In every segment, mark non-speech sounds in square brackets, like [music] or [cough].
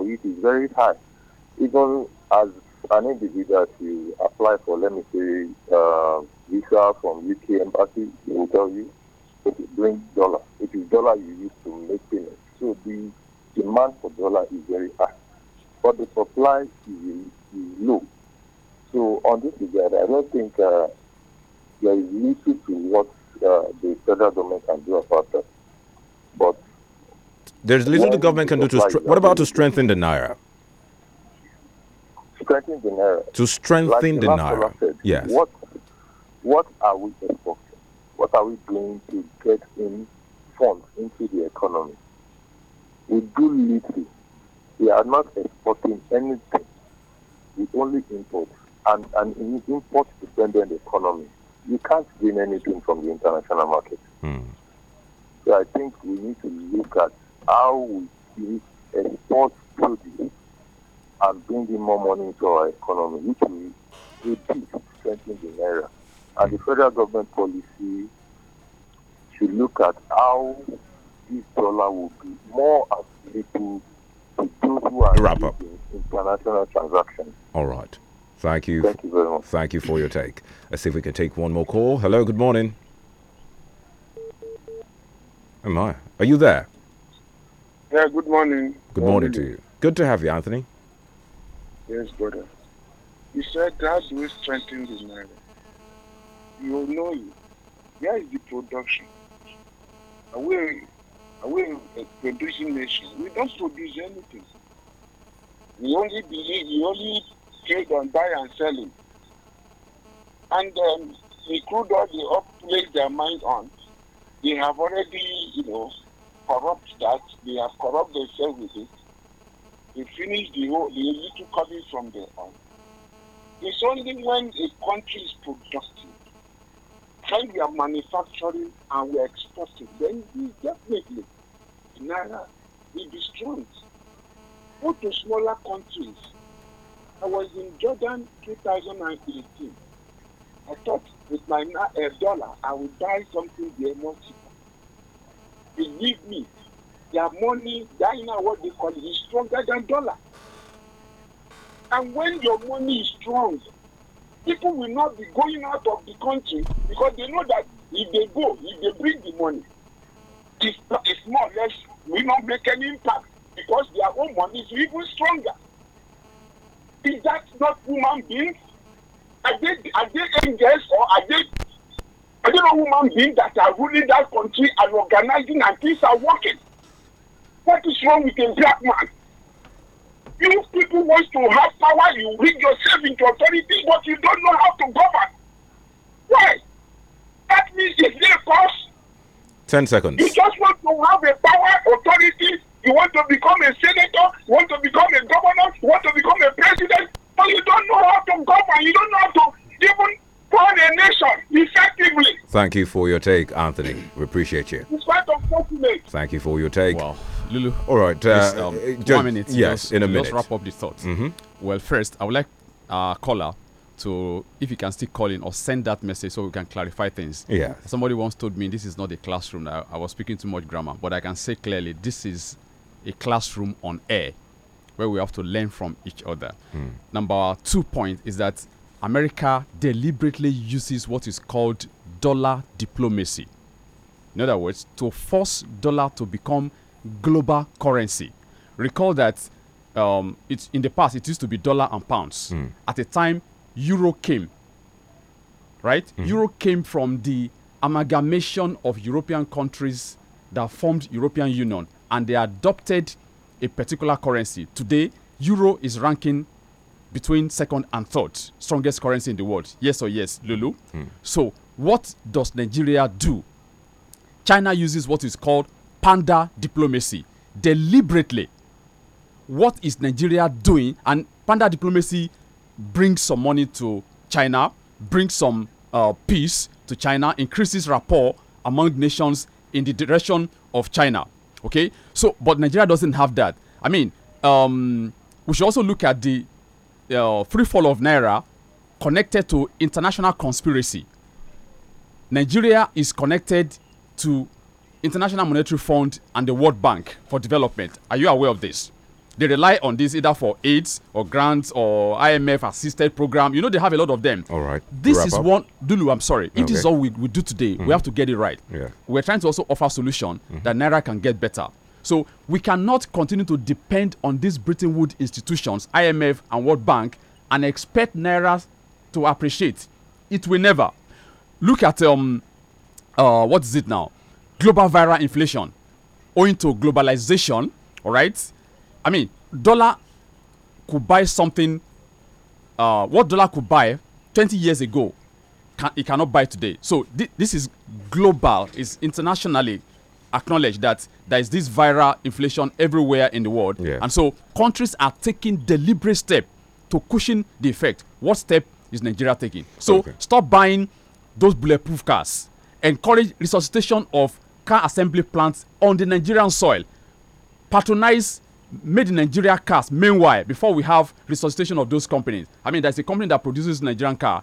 for it is very high. Even as an individual to apply for, let me say, uh, visa from UK embassy, it will tell you it is brings dollar. It is dollar you use to make payment. So the demand for dollar is very high, but the supply is, is low. So on this regard, I don't think uh, there is little to what uh, the federal government can do about that. But there's little the government can do to. Stre- what about to strengthen the naira? Strengthen the naira. To strengthen like the, naira. Said, yes. What What are we expecting? What are we doing to get in funds into the economy? We do little. We are not exporting anything. We only import and an import dependent economy. You can't gain anything from the international market. Hmm. So I think we need to look at how we see export produce and bring in more money into our economy, which will reduce, strengthen the area. And the federal government policy should look at how this dollar will be more available to those who are Wrap up. international transactions. All right. Thank you. Thank you very much. Thank you for your take. Let's see if we can take one more call. Hello, good morning. Am I? Are you there? Yeah, good morning. Good morning, to you. Good to have you, Anthony. Yes, brother. You said that we're strengthen the naira. You know it. Where is the production? Are we, are we a producing nation? We don't produce anything. We only believe, we only trade and buy and sell And um, crude all they all place their mind on. They have already, you know, corrupt that, they have corrupt themselves with it. They finish the whole, to little coming from their own. It's only when a country is productive, when we are manufacturing and we are exporting, then we definitely, Naira will be strong. Go to smaller countries. I was in Jordan 2018. I thought with my uh, dollar, I would buy something there multiple. Believe me, their money, China, what they call it, is stronger than dollar. And when your money is strong, people will not be going out of the country because they know that if they go, if they bring the money, it's, it's more or less will not make any impact because their own money is even stronger. Is that not human beings? Are they, are they angels or are they I you not human beings that are ruling that country and organizing and things are working? What is wrong with a black man? You people want to have power, you bring yourself into authority, but you don't know how to govern. Why? That means it's their cause. Ten seconds. You just want to have a power, authority. You want to become a senator. You want to become a governor. You want to become a president. But you don't know how to govern. You don't know how to even turn a nation effectively. Thank you for your take, Anthony. We appreciate you. Thank you for your take. Wow. Lulu. All right. Uh, um, just, uh, one minute. Yes, just, in a minute. Let's wrap up the thoughts. Mm -hmm. Well, first, I would like uh, caller to, if you can still call in or send that message so we can clarify things. Yeah. Somebody once told me this is not a classroom. I, I was speaking too much grammar, but I can say clearly this is a classroom on air where we have to learn from each other. Mm. Number two point is that America deliberately uses what is called dollar diplomacy. In other words, to force dollar to become global currency. Recall that um, it's in the past it used to be dollar and pounds. Mm. At the time, euro came. Right, mm euro came from the amalgamation of European countries that formed European Union, and they adopted a particular currency. Today, euro is ranking between second and third strongest currency in the world. Yes or yes, Lulu. Mm. So, what does Nigeria do? China uses what is called panda diplomacy deliberately. What is Nigeria doing? And panda diplomacy brings some money to China, brings some uh, peace to China, increases rapport among nations in the direction of China. Okay, so but Nigeria doesn't have that. I mean, um, we should also look at the uh, free fall of naira connected to international conspiracy. Nigeria is connected to International Monetary Fund and the World Bank for development. Are you aware of this? They rely on this either for aids or grants or IMF assisted program. You know they have a lot of them. All right. This is up. one Dulu, I'm sorry. Okay. It is all we, we do today. Mm -hmm. We have to get it right. Yeah. We're trying to also offer solution mm -hmm. that Naira can get better. So we cannot continue to depend on these Bretton Woods institutions, IMF and World Bank, and expect Naira to appreciate. It will never. Look at um, uh, what is it now? Global viral inflation, owing to globalization. All right, I mean, dollar could buy something. Uh, what dollar could buy 20 years ago, can, it cannot buy today. So th this is global. It's internationally acknowledge that there is this viral inflation everywhere in the world. Yeah. And so countries are taking deliberate steps to cushion the effect. What step is Nigeria taking? So okay. stop buying those bulletproof cars. Encourage resuscitation of car assembly plants on the Nigerian soil. Patronize made in Nigeria cars. Meanwhile, before we have resuscitation of those companies, I mean, there's a company that produces Nigerian car,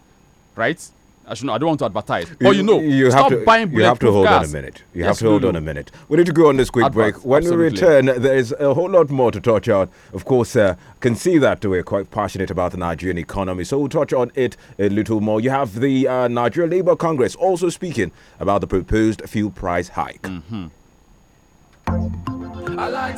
right? I should know. I don't want to advertise. You, but you know, you have to, You have to hold gas. on a minute. You yes, have to hold on a minute. We need to go on this quick break. When absolutely. we return, there is a whole lot more to touch on. Of course, uh, can see that we're quite passionate about the Nigerian economy, so we'll touch on it a little more. You have the uh, Labour Congress also speaking about the proposed fuel price hike. Mm -hmm. I like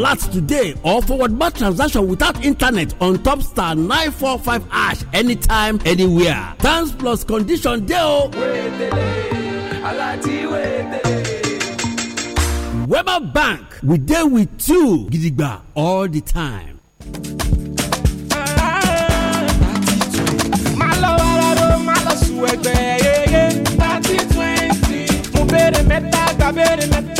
alert today or forward bar transaction without internet on top star 945 ash anytime anywhere thanks plus condition dey o. weber bank we dey with you gidigba all the time. máa lọ gba béèrè mẹ́ta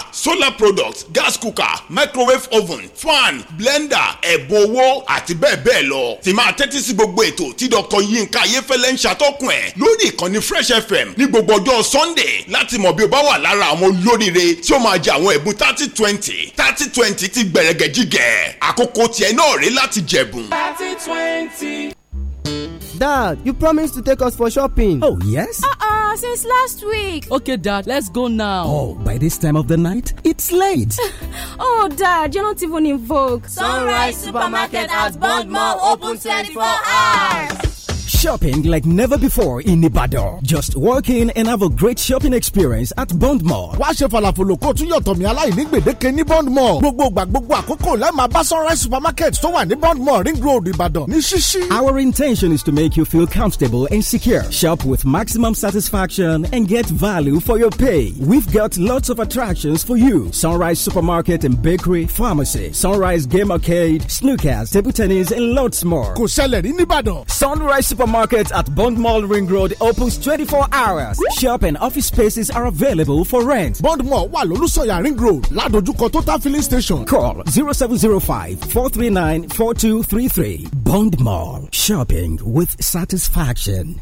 solar products gas cooker microwave oven fan blender ẹ̀bùn owó àti bẹ́ẹ̀ bẹ́ẹ̀ lọ. tí máa tẹ́tí sí gbogbo ètò tí dr yinka ayéfẹ́lẹ́ ń ṣàtọ́kùn ẹ̀ lórí ìkànnì fresh fm ní gbogbo ọjọ́ sunday láti mọ̀ bí o bá wà lára àwọn olóríire tí ó máa jẹ àwọn ẹ̀bùn thirty twenty thirty twenty ti gbẹ̀rẹ̀gẹ̀ jíjẹ àkókò tiẹ̀ náà rí láti jẹ̀bùn. thirty twenty. Dad, you promised to take us for shopping. Oh, yes? Uh-uh. now since last week. Okay, Dad, let's go now. Oh, by this time of the night, it's late. [laughs] oh, Dad, you're not even in vogue. Sunrise Supermarket has Bond Mall open 24 hours shopping like never before in Ibadan. Just walk in and have a great shopping experience at Bond Mall. wá ṣe falafolo kó tún yọ̀tọ̀ mi aláìní gbèdéke ní Bond Mall. gbogbo ìgbà gbogbo àkókò lẹ́ẹ̀ma bá sunrise supermarket tó wà ní Bond Mall ring road Ibadan ní ṣíṣí. Our intention is to make you feel comfortable and secure. Shop with maximum satisfaction and get value for your pay. We've got lots of attractions for you. Sunrise Supermarket and Bakery, Pharmacy, Sunrise Game Arcade, Snookers, Table Tennis and lots more. kò ṣẹlẹ̀ rí nìbàdàn. Sunrise Supermarket Market at Bond Mall Ring Road opens 24 hours. Shop and office spaces are available for rent. Bond Mall wà lólùsọ̀yà Ring Road ládojúkọ Total Filling Station. Call 0705-439-4233. Bond Mall. Shopping with satisfaction.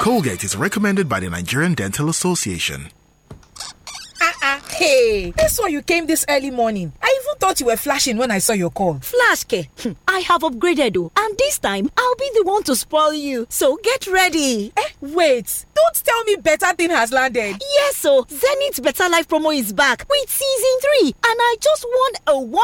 Colgate is recommended by the Nigerian Dental Association. Uh-uh. Hey, that's why you came this early morning. I even thought you were flashing when I saw your call. Flash, Ke. Hmm, I have upgraded, oh, and this time I'll be the one to spoil you. So get ready. Eh, wait. Don't tell me better thing has landed. Yes, so oh. Zenith Better Life promo is back with season 3, and I just won a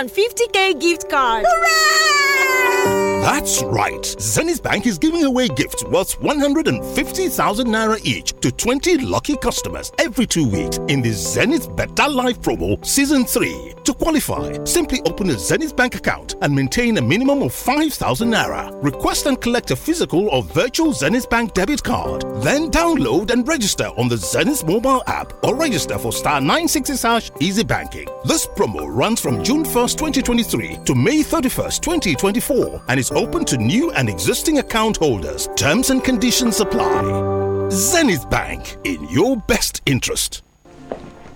150k gift card. Hooray! That's right. Zenith Bank is giving away gifts worth 150,000 naira each to 20 lucky customers every two weeks in the Zenith Zenith Better Life promo season 3. To qualify, simply open a Zenith Bank account and maintain a minimum of 5,000 naira. Request and collect a physical or virtual Zenith Bank debit card. Then download and register on the Zenith mobile app or register for star 960 hash easy banking. This promo runs from June 1st, 2023 to May 31st, 2024 and is open to new and existing account holders. Terms and conditions apply. Zenith Bank in your best interest.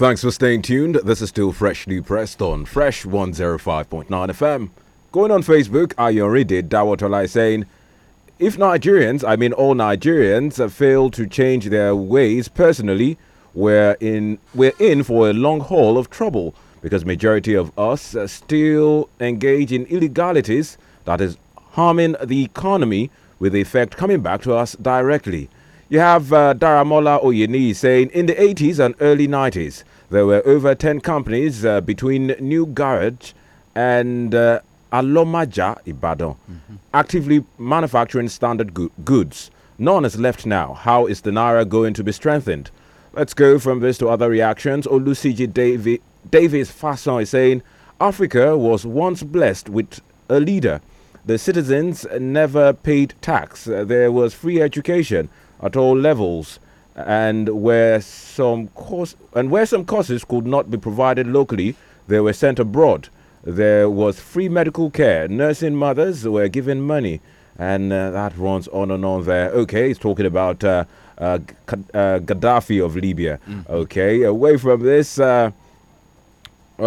Thanks for staying tuned. This is still freshly pressed on Fresh 105.9 FM. Going on Facebook, I already did Dawatolai saying, if Nigerians, I mean all Nigerians, uh, fail to change their ways personally, we're in, we're in for a long haul of trouble because majority of us still engage in illegalities that is harming the economy with the effect coming back to us directly. You have uh, Daramola Oyeni saying, in the 80s and early 90s, there were over 10 companies uh, between New Garage and uh, Alomaja Ibadan mm -hmm. actively manufacturing standard go goods. None is left now. How is the Naira going to be strengthened? Let's go from this to other reactions. Olusiji Davi Davis Fasson is saying Africa was once blessed with a leader. The citizens never paid tax. There was free education at all levels and where some course and where some courses could not be provided locally, they were sent abroad. There was free medical care. Nursing mothers were given money, and uh, that runs on and on. There, okay, he's talking about uh, uh, uh Gaddafi of Libya. Mm. Okay, away from this. Uh, uh,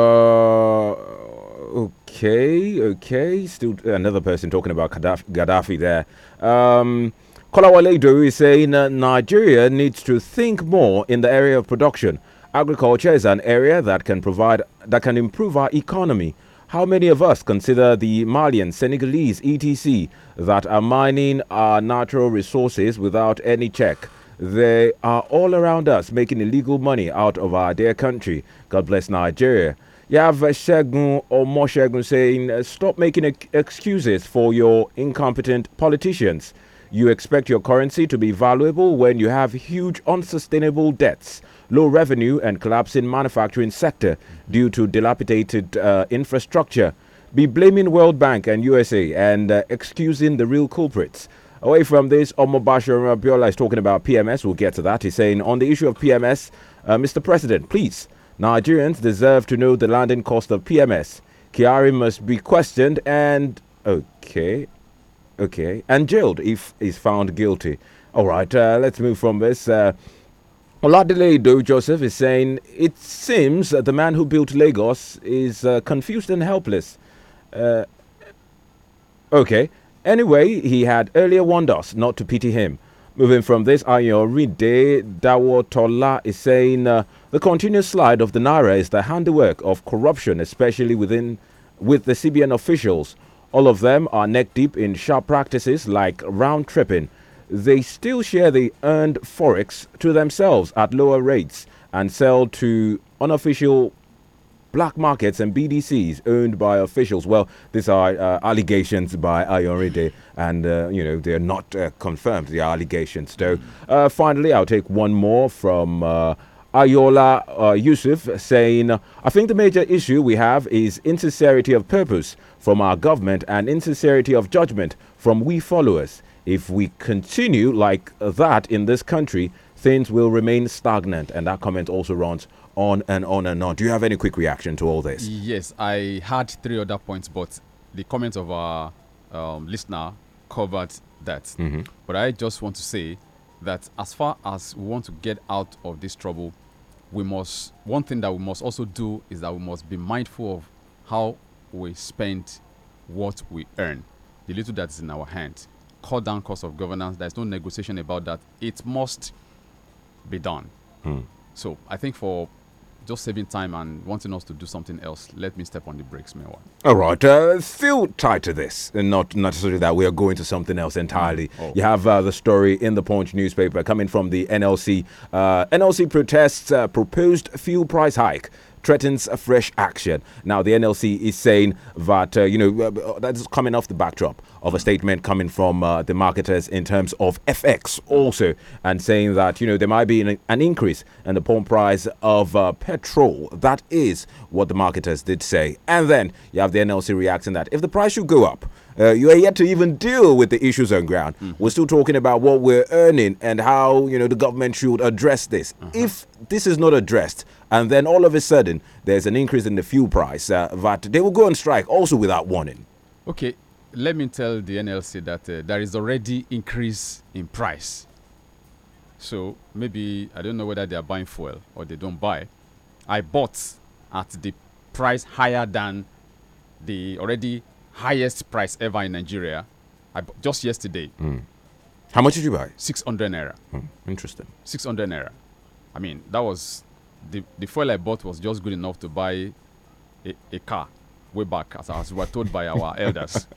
okay, okay, still another person talking about Gaddafi, Gaddafi there. Um, Kolawale is saying uh, Nigeria needs to think more in the area of production. Agriculture is an area that can provide that can improve our economy. How many of us consider the Malian, Senegalese, etc., that are mining our natural resources without any check? They are all around us making illegal money out of our dear country. God bless Nigeria. You have Shegun or Moshegun saying, Stop making excuses for your incompetent politicians. You expect your currency to be valuable when you have huge unsustainable debts, low revenue, and collapsing manufacturing sector due to dilapidated uh, infrastructure. Be blaming World Bank and USA and uh, excusing the real culprits. Away from this, Omobasha Rabiola is talking about PMS. We'll get to that. He's saying on the issue of PMS, uh, Mr. President, please, Nigerians deserve to know the landing cost of PMS. Kiari must be questioned and okay, Okay. And jailed if is found guilty. All right. Uh, let's move from this. Uh, Oladile Do Joseph is saying it seems that the man who built Lagos is uh, confused and helpless. Uh, okay. Anyway, he had earlier warned us not to pity him. Moving from this, Ayoride Dawotola is saying uh, the continuous slide of the Naira is the handiwork of corruption, especially within with the CBN officials all of them are neck deep in sharp practices like round tripping. They still share the earned forex to themselves at lower rates and sell to unofficial black markets and BDCs owned by officials. Well, these are uh, allegations by Ayoride, and uh, you know they're not uh, confirmed. The allegations, though. Uh, finally, I'll take one more from. Uh, Ayola uh, Yusuf saying, I think the major issue we have is insincerity of purpose from our government and insincerity of judgment from we followers. If we continue like that in this country, things will remain stagnant. And that comment also runs on and on and on. Do you have any quick reaction to all this? Yes, I had three other points, but the comments of our um, listener covered that. Mm -hmm. But I just want to say that as far as we want to get out of this trouble, we must one thing that we must also do is that we must be mindful of how we spend what we earn the little that is in our hands cut down cost of governance there's no negotiation about that it must be done hmm. so i think for just saving time and wanting us to do something else, let me step on the brakes meanwhile. All right. Uh, feel tied to this, and not necessarily that we are going to something else entirely. Mm. Oh. You have uh, the story in the Punch newspaper coming from the NLC. Uh, NLC protests uh, proposed fuel price hike threatens a fresh action. Now, the NLC is saying that, uh, you know, uh, uh, that's coming off the backdrop of a statement coming from uh, the marketers in terms of FX also, and saying that, you know, there might be an, an increase in the pump price of uh, petrol. That is what the marketers did say. And then you have the NLC reacting that if the price should go up, uh, you are yet to even deal with the issues on ground. Mm. We're still talking about what we're earning and how you know the government should address this. Uh -huh. If this is not addressed, and then all of a sudden there's an increase in the fuel price uh, that they will go on strike also without warning. Okay, let me tell the NLC that uh, there is already increase in price. So maybe I don't know whether they are buying fuel or they don't buy. I bought at the price higher than the already highest price ever in Nigeria. I bought just yesterday. Mm. How much did you buy? 600 naira. Hmm, interesting. 600 naira. I mean, that was the, the fuel I bought was just good enough to buy a, a car way back, as, as we were told by our [laughs] elders.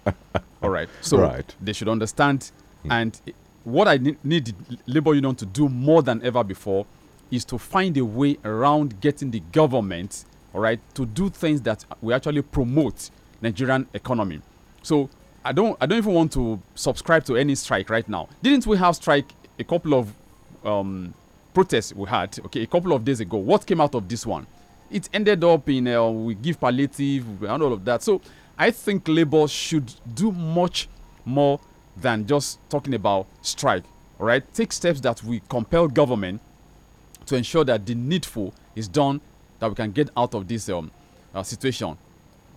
All right. So right. they should understand. Mm. And what I need, need labor union to do more than ever before is to find a way around getting the government, all right, to do things that will actually promote Nigerian economy. So I don't, I don't even want to subscribe to any strike right now. Didn't we have strike a couple of um, protest we had okay a couple of days ago what came out of this one it ended up in uh, we give palliative and all of that so i think labor should do much more than just talking about strike right? take steps that we compel government to ensure that the needful is done that we can get out of this um, uh, situation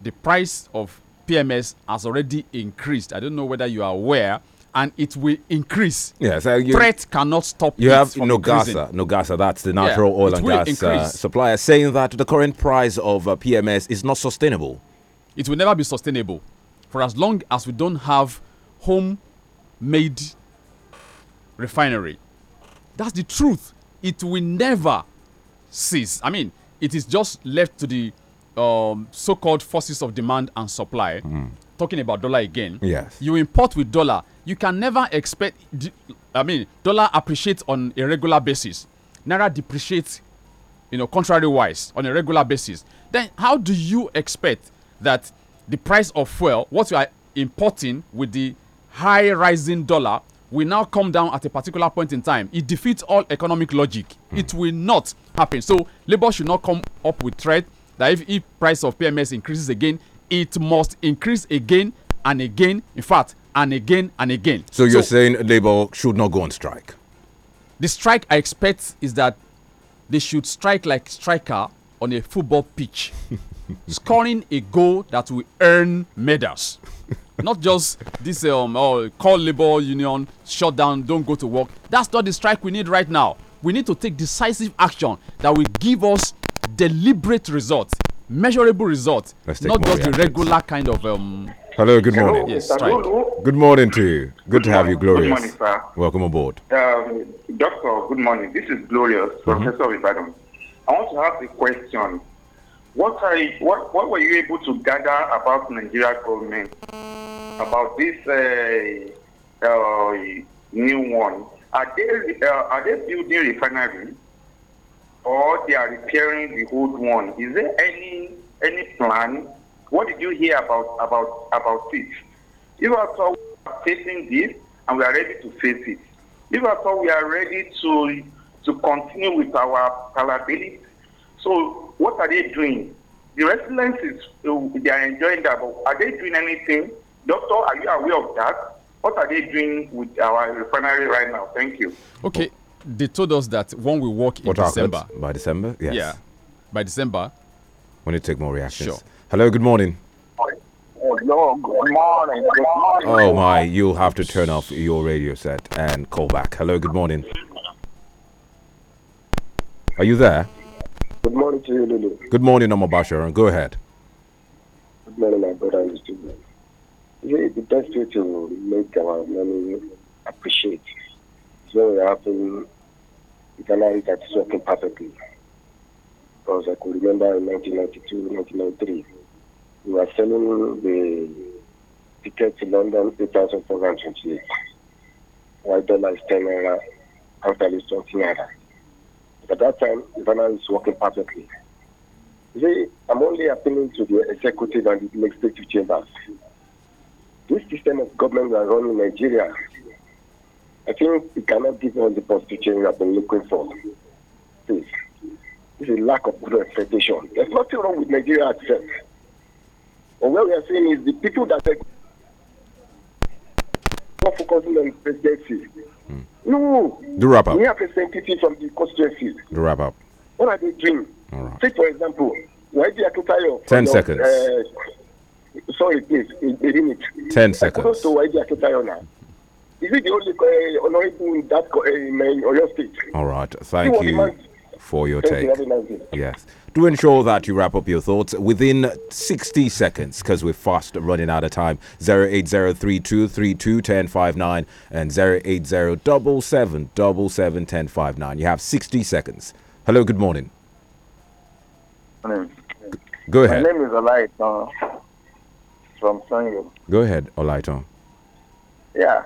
the price of pms has already increased i don't know whether you are aware and it will increase. Yeah, so threat cannot stop. You have Nogasa, Nogasa. That's the natural yeah, oil and gas uh, supplier saying that the current price of uh, PMS is not sustainable. It will never be sustainable for as long as we don't have home-made refinery. That's the truth. It will never cease. I mean, it is just left to the um, so-called forces of demand and supply mm talking about dollar again. Yes. You import with dollar. You can never expect. I mean, dollar appreciates on a regular basis. Naira depreciates, you know, contrary-wise on a regular basis. Then how do you expect that the price of fuel, what you are importing with the high rising dollar, will now come down at a particular point in time. It defeats all economic logic. Mm. It will not happen. So Labour should not come up with threat that if, if price of PMS increases again, it must increase again and again, in fact, and again and again. So you're so, saying Labour should not go on strike? The strike I expect is that they should strike like striker on a football pitch, [laughs] scoring a goal that will earn medals. [laughs] not just this um, oh, call labor union shut down don't go to work that's not the strike we need right now we need to take decisive action that will give us deliberate results measurable results, not just the regular kind of. Um, Hello, good morning. Hello, yes, Good morning to you. Good, good to have you, Glorious. Good morning, sir. Welcome aboard. Um, doctor, good morning. This is Glorious, mm -hmm. Professor of Ibadan. I want to ask a question. What, are, what, what were you able to gather about Nigeria government, about this uh, uh, new one? Are they, uh, are they building refineries? or they are repairing the old one. Is there any any plan? What did you hear about about about it? If at all we are facing this and we are ready to face it, if at all we are ready to to continue with our capabilities, so what are they doing? The residents is uh, they are enjoying that, but are they doing anything? Doctor, are you aware of that? What are they doing with our refinery right now? Thank you. Okay, they told us that when we work in December. by December, yes. Yeah, by December. We need to take more reactions. Sure. Hello, good morning. Good morning. Good morning. Oh my, you'll have to turn off your radio set and call back. Hello, good morning. Are you there? Good morning to you, Lulu. Good morning, Omar Basharan. Go ahead. Good morning, my brother and It's the best way to make our money appreciate so it happened, Ghana hit at working perfectly. Because I could remember in 1992, 1993, we were selling the ticket to London 8,428. While dollar is 10 naira, after is 20 naira. At that time, Ghana is working perfectly. You see, I'm only appealing to the executive and the legislative chambers. This system of government we are running in Nigeria I think we cannot give all the prostitution we have been looking for. Please. This is a lack of good expectation. There's nothing wrong with Nigeria itself. But what we are saying is the people that are not focusing on presidency. Mm. No. the wrap up. We have representatives from the constituency. The wrap up. What are they doing? Take, for example, Wadi Akutayo. Ten the, seconds. Uh, sorry, please. It, it, it, Ten seconds. I to Wadi Akutayo now. Is it the only uh, honorable in that uh, in uh, Oyo State? All right. Thank you for your Thank take. You yes. To ensure that you wrap up your thoughts within 60 seconds because we're fast running out of time. 08032321059 and 08077771059. You have 60 seconds. Hello, good morning. morning. Go ahead. My name is Olaiton from Sanyo. Go ahead, Olaiton. Yeah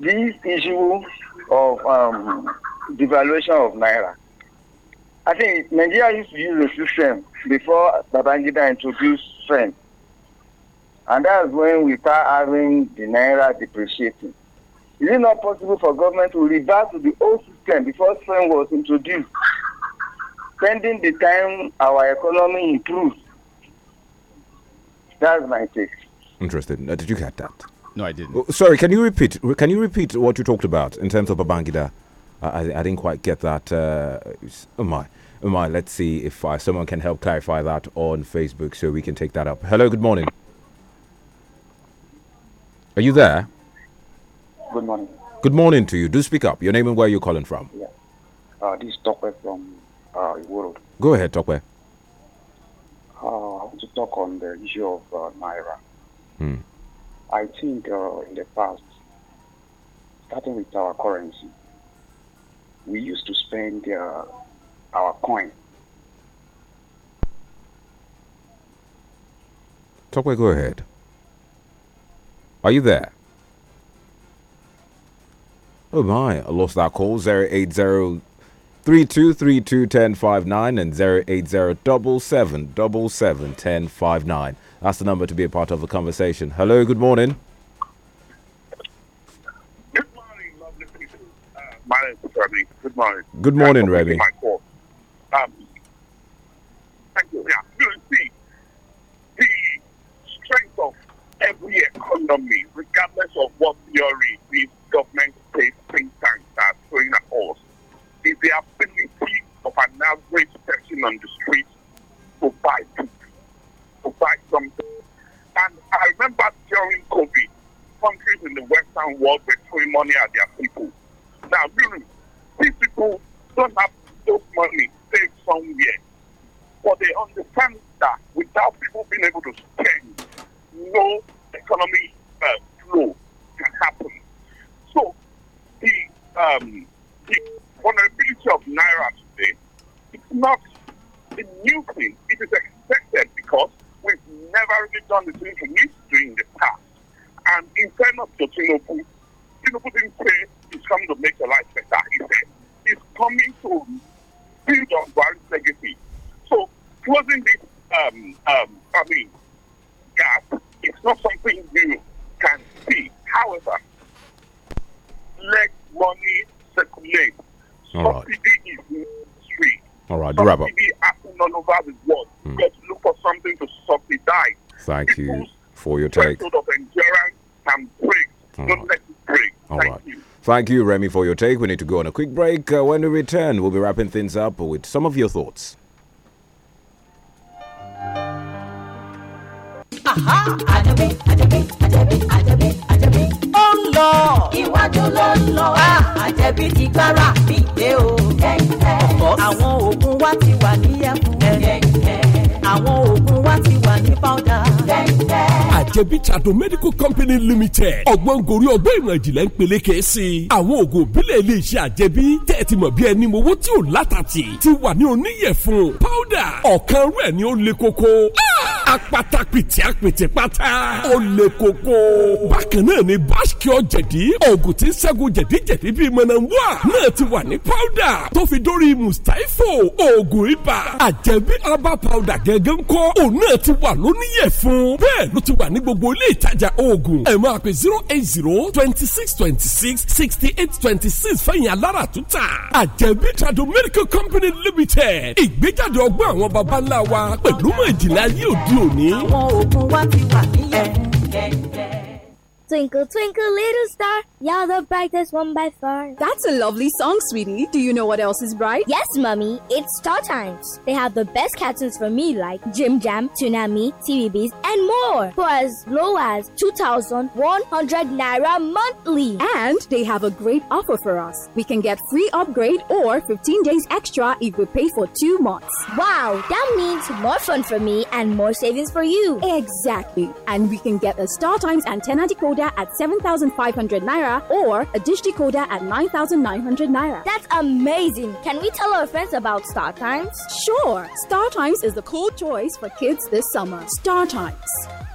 this issue of um, devaluation of naira. I think Nigeria used to use the system before Babangida introduced strength. And that's when we start having the naira depreciating. Is it not possible for government to revert to the old system before strength was introduced? Spending the time our economy improves. That's my take. Interesting. Uh, did you get that? No, I didn't. Oh, sorry, can you repeat? Can you repeat what you talked about in terms of Babangida? I, I didn't quite get that. Uh, oh my, oh my. Let's see if uh, someone can help clarify that on Facebook so we can take that up. Hello, good morning. Are you there? Good morning. Good morning to you. Do speak up. Your name and where you're calling from. Yeah. Uh, this is Tokwe from uh, World. Go ahead, Tokwe. Uh, I want to talk on the issue of uh, Naira. Hmm. I think uh, in the past, starting with our currency, we used to spend uh, our coin. Tokwe, go ahead. Are you there? Oh my, I lost that call. 080 and 080 double seven ten five nine. That's the number to be a part of the conversation. Hello, good morning. Good morning, lovely people. Uh, my name is Remy. Good morning. Good morning, Remy. My call. Um, thank you. Yeah, you see the strength of every economy, regardless of what theory these government state think tanks are throwing at us, is the ability of an average person on the street to buy food to buy something. And I remember during COVID, countries in the Western world were throwing money at their people. Now, really, these people don't have those money saved somewhere. But they understand that without people being able to spend, no economy uh, flow can happen. So the, um, the vulnerability of Naira today, it's not a new thing. It is expected because We've never really done the things we need to do in the past. And in terms of Tinobu, Tinobu didn't say he's coming to make your life better. He said he's coming to build on Buhari's legacy. So closing this, um, um, I mean, gap is not something you can see. However, let money circulate. All Subsidy right. is necessary all right, wrap up. all over the world. Mm. look for something to subsidize. Thank you for your take. of endurance break. Don't right. let it break. All Thank right. you. Thank you, Remy, for your take. We need to go on a quick break. Uh, when we return, we'll be wrapping things up with some of your thoughts. àjẹbí àjẹbí àjẹbí àjẹbí àjẹbí ó ń lọ. iwájú ló ń lọ. àjẹbí ah, ti gbára mi dé o. àwọn oògùn wa ti wà ní ẹkùn. àwọn oògùn wa ti wà ní powder. Àjẹbí Trado Medical Company Limited ọgbọ́n gorí ọgbọ́n ìmọ̀ ìjìnlẹ̀ ń peléke sí i. Àwọn oògùn òbílẹ̀ iléeṣẹ́ àjẹbí tẹ̀ ẹ̀ ti mọ̀ bí ẹni mowó tí ò látàtì ti wà ní oníyẹ̀fun powder ọ̀kan rẹ̀ ni ó le koko. Ah! apatapìtì apìtì pátá ó le koko. bákan náà ni báṣkìọ́ jẹ̀dí oògùn tí ṣẹ́gun jẹ̀díjẹ̀dí bíi mọ̀nàmúà náà ti wà ní pọ́dà tó fi dórí mùsítáífò oògùn ibà àjẹbí herbal powder gẹ́gẹ́ ń kọ́ òun náà ti wà lóníyẹ̀ fún. bẹ́ẹ̀ ló ti wà ní gbogbo ilé ìtajà oògùn ẹ máa pè zero eight zero twenty six twenty six sixty eight twenty six fẹ̀yìn alára tuta àjẹbí tradu medical company limited ìgbéjáde ọgbọ́n àwọn baba wa pẹ̀lú mọ̀ ìjìnlẹ̀ ayé ò òde òní. àwọn oògùn wa ti wà nílẹ̀ Twinkle, twinkle, little star, you're the brightest one by far. That's a lovely song, sweetie. Do you know what else is bright? Yes, mummy, it's Star Times. They have the best cartoons for me like Jim Jam, Tsunami, TVBs, and more for as low as 2,100 naira monthly. And they have a great offer for us. We can get free upgrade or 15 days extra if we pay for two months. Wow, that means more fun for me and more savings for you. Exactly. And we can get a Star Times antenna decoder decoder at 7,500 naira or a dish decoder at 9,900 naira. That's amazing. Can we tell our friends about Star Times? Sure. Star Times is the cool choice for kids this summer. Star Times.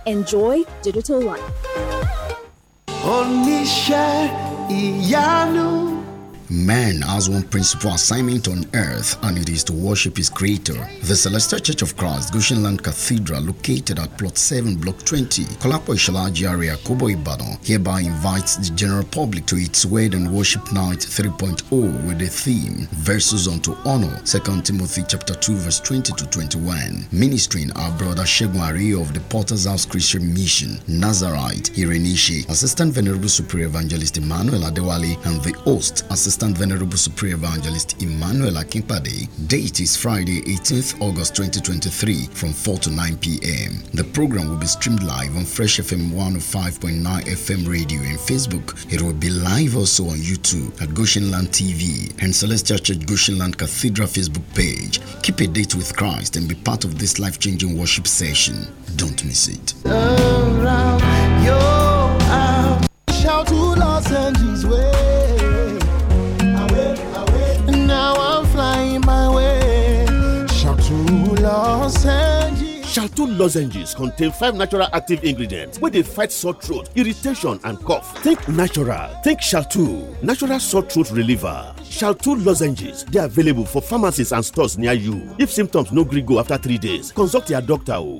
Enjoy digital life. Man has one principal assignment on earth, and it is to worship his Creator. The Celestial Church of Christ, Goshenland Cathedral, located at Plot 7, Block 20, Kolapo Ishalaji area, Kobo Ibadan, hereby invites the general public to its wedding and Worship Night 3.0 with the theme Verses unto Honor, 2 Timothy chapter 2, verse 20 to 21. Ministering our brother Shegun of the Potter's House Christian Mission, Nazarite, Irenishi, Assistant Venerable Superior Evangelist Emmanuel Adewale, and the host, Assistant Assistant Venerable Supreme Evangelist Emmanuel Akinpade. Date is Friday, 18th August 2023 from 4 to 9 p.m. The program will be streamed live on Fresh FM 105.9 FM radio and Facebook. It will be live also on YouTube at Goshenland TV and Celestial Church Goshenland Cathedral Facebook page. Keep a date with Christ and be part of this life-changing worship session. Don't miss it. two lozenges contain five natural active ingredients wey dey fight sore throat irritation and cough think natural think shaltu natural sore throat reliever shaltu lozenges dey available for pharmacies and stores near you if symptoms no gree go after three days consult your doctor o.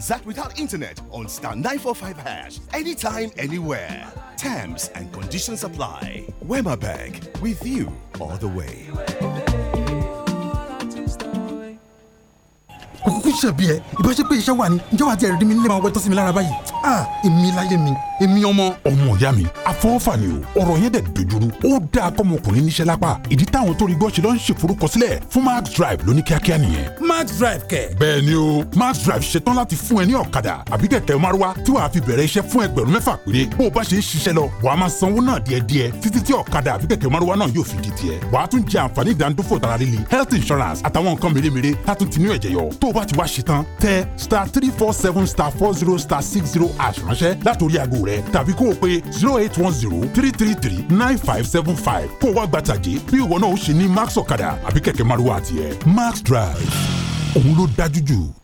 transact without internet on star 945 hash anytime, anywhere. Terms and conditions apply. Wemabag with you all the way. òkúkú ṣàbí ẹ ìbá ṣe wà ní ìjọ wa ti ẹ̀rí mi nílé máa wẹ́tọ́ sí mi lára báyìí ah èmi láyé mi èmi ọmọ. ọmọ ìyá mi afọ́nfà ni o ọ̀rọ̀ yẹn dẹ̀ dojúrú ó dáa kọ́mọkùnrin níṣẹ́ lápá ìdí táwọn tó rí gbọ́ṣe ló ń ṣèforúkọsílẹ̀ fún max drive lóní kíákíá nìyẹn. max drive kẹ̀. bẹ́ẹ̀ ni o max drive ṣetán láti fún ẹ ní ọ̀kadà àbí kẹ̀kẹ́ márúwá tí wàá fi bẹ̀rẹ̀ iṣẹ́ fún ẹgbẹ̀rún mẹ́fà péré bó o bá ṣe ń ṣiṣẹ́ lọ wàá máa sanwó náà díẹ̀díẹ̀ títí tí ọ̀kadà àbí kẹ̀kẹ́ márúwá náà yóò fi di tiẹ̀ wàá tún jẹ àǹfààní ìdánidófò tara líle health insurance àtàwọn nǹkan mèremère tá a tún ti ní ẹ̀jẹ̀ yọ tó tó o bá ti wá ṣe tán tẹ star three four seven star four zero star six zero hash ránṣẹ́ látòrí aago rẹ tàbí kó o pe zero eight one zero three three three nine five seven five kó o wá gbàtàjé bí ìwọ náà ó ṣe ní max ọ̀kadà àbí kẹ̀kẹ́ márùwá tiẹ̀ max drive òun ló dájú jù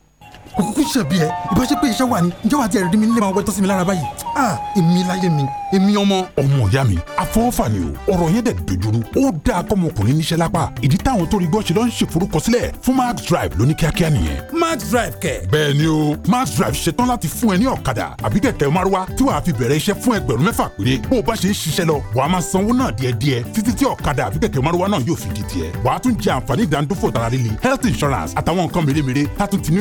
òkùnkùn ṣàbí ẹ ìbáṣe pé iṣẹ́ wà ní ìjọba àti ẹ̀rí nílé máa wẹ́tọ́ sí mi lára báyìí ah èmi láyé mi èmi ọmọ. ọmọ ìyá mi afọ́nfà ni o ọ̀rọ̀ yẹn dẹ̀ dojúrú ó dáa kọ́mọkùnrin níṣẹ́ lápá ìdí táwọn tó rí gbọ́ ṣe ló ń ṣèforúkọsílẹ̀ fún max drive lóní kíákíá nìyẹn. max drive kẹ. bẹ́ẹ̀ ni o max drive ṣetán láti fún ẹ ní ọ̀kadà àbí kẹ̀kẹ́ márúwá tí wàá fi bẹ̀rẹ̀ iṣẹ́ fún ẹgbẹ̀rún mẹ́fà péré bó o bá ṣe ń ṣiṣẹ́ lọ wàá máa sanwó náà díẹ̀díẹ̀ títí tí ọ̀kadà àbí kẹ̀kẹ́ márúwá náà yóò fi di tiẹ̀ wàá tún jẹ àǹfààní ìdánidófò health insurance àtàwọn nǹkan mèremère tá tún ti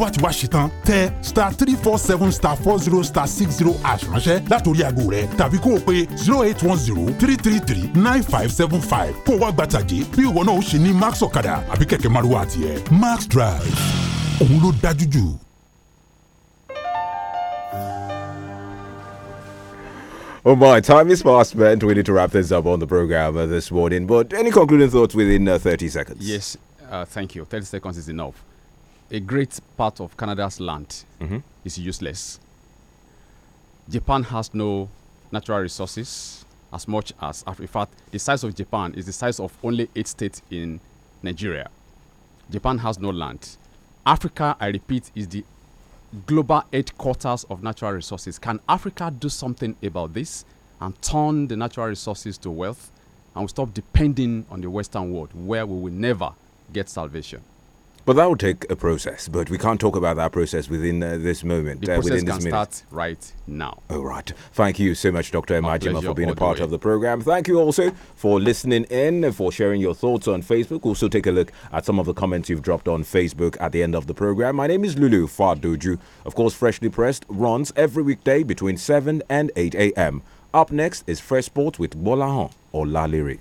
bá ti wá ṣe tán tẹ star three four seven star four zero star six zero hash ránṣẹ́ látòrí aago rẹ tàbí kó o pe zero eight one zero three three three nine five seven five kó o wá gba tàjé bí ìwọ náà ó ṣe ní max ọ̀kadà àbí kẹ̀kẹ́ márúwá tiẹ̀ max drive òun ló dájú jù. Well, my time is fast Man, We need to wrap this up on the program uh, this morning. But any concluding thoughts within uh, 30 seconds? Yes, uh, thank you. 30 seconds is enough. a great part of Canada's land mm -hmm. is useless. Japan has no natural resources as much as, in fact, the size of Japan is the size of only eight states in Nigeria. Japan has no land. Africa, I repeat, is the global headquarters of natural resources. Can Africa do something about this and turn the natural resources to wealth and stop depending on the Western world where we will never get salvation? But that will take a process, but we can't talk about that process within uh, this moment. The uh, process within this can minute. start right now. All right. Thank you so much, Dr. Emajima, for being a part of the program. Thank you also for listening in, for sharing your thoughts on Facebook. Also, take a look at some of the comments you've dropped on Facebook at the end of the program. My name is Lulu Fadoju. Of course, Freshly Pressed runs every weekday between 7 and 8 a.m. Up next is Fresh Sports with Bolahan or Laliri.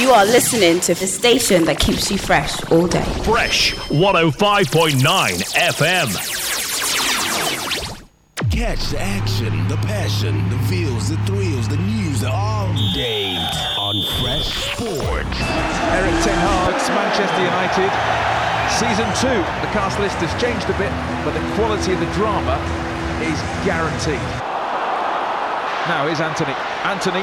You are listening to the station that keeps you fresh all day. Fresh 105.9 FM. Catch the action, the passion, the feels, the thrills, the news all day on Fresh Sports. Eric Ten Hag's Manchester United. Season 2. The cast list has changed a bit, but the quality of the drama is guaranteed. Now is Anthony. Anthony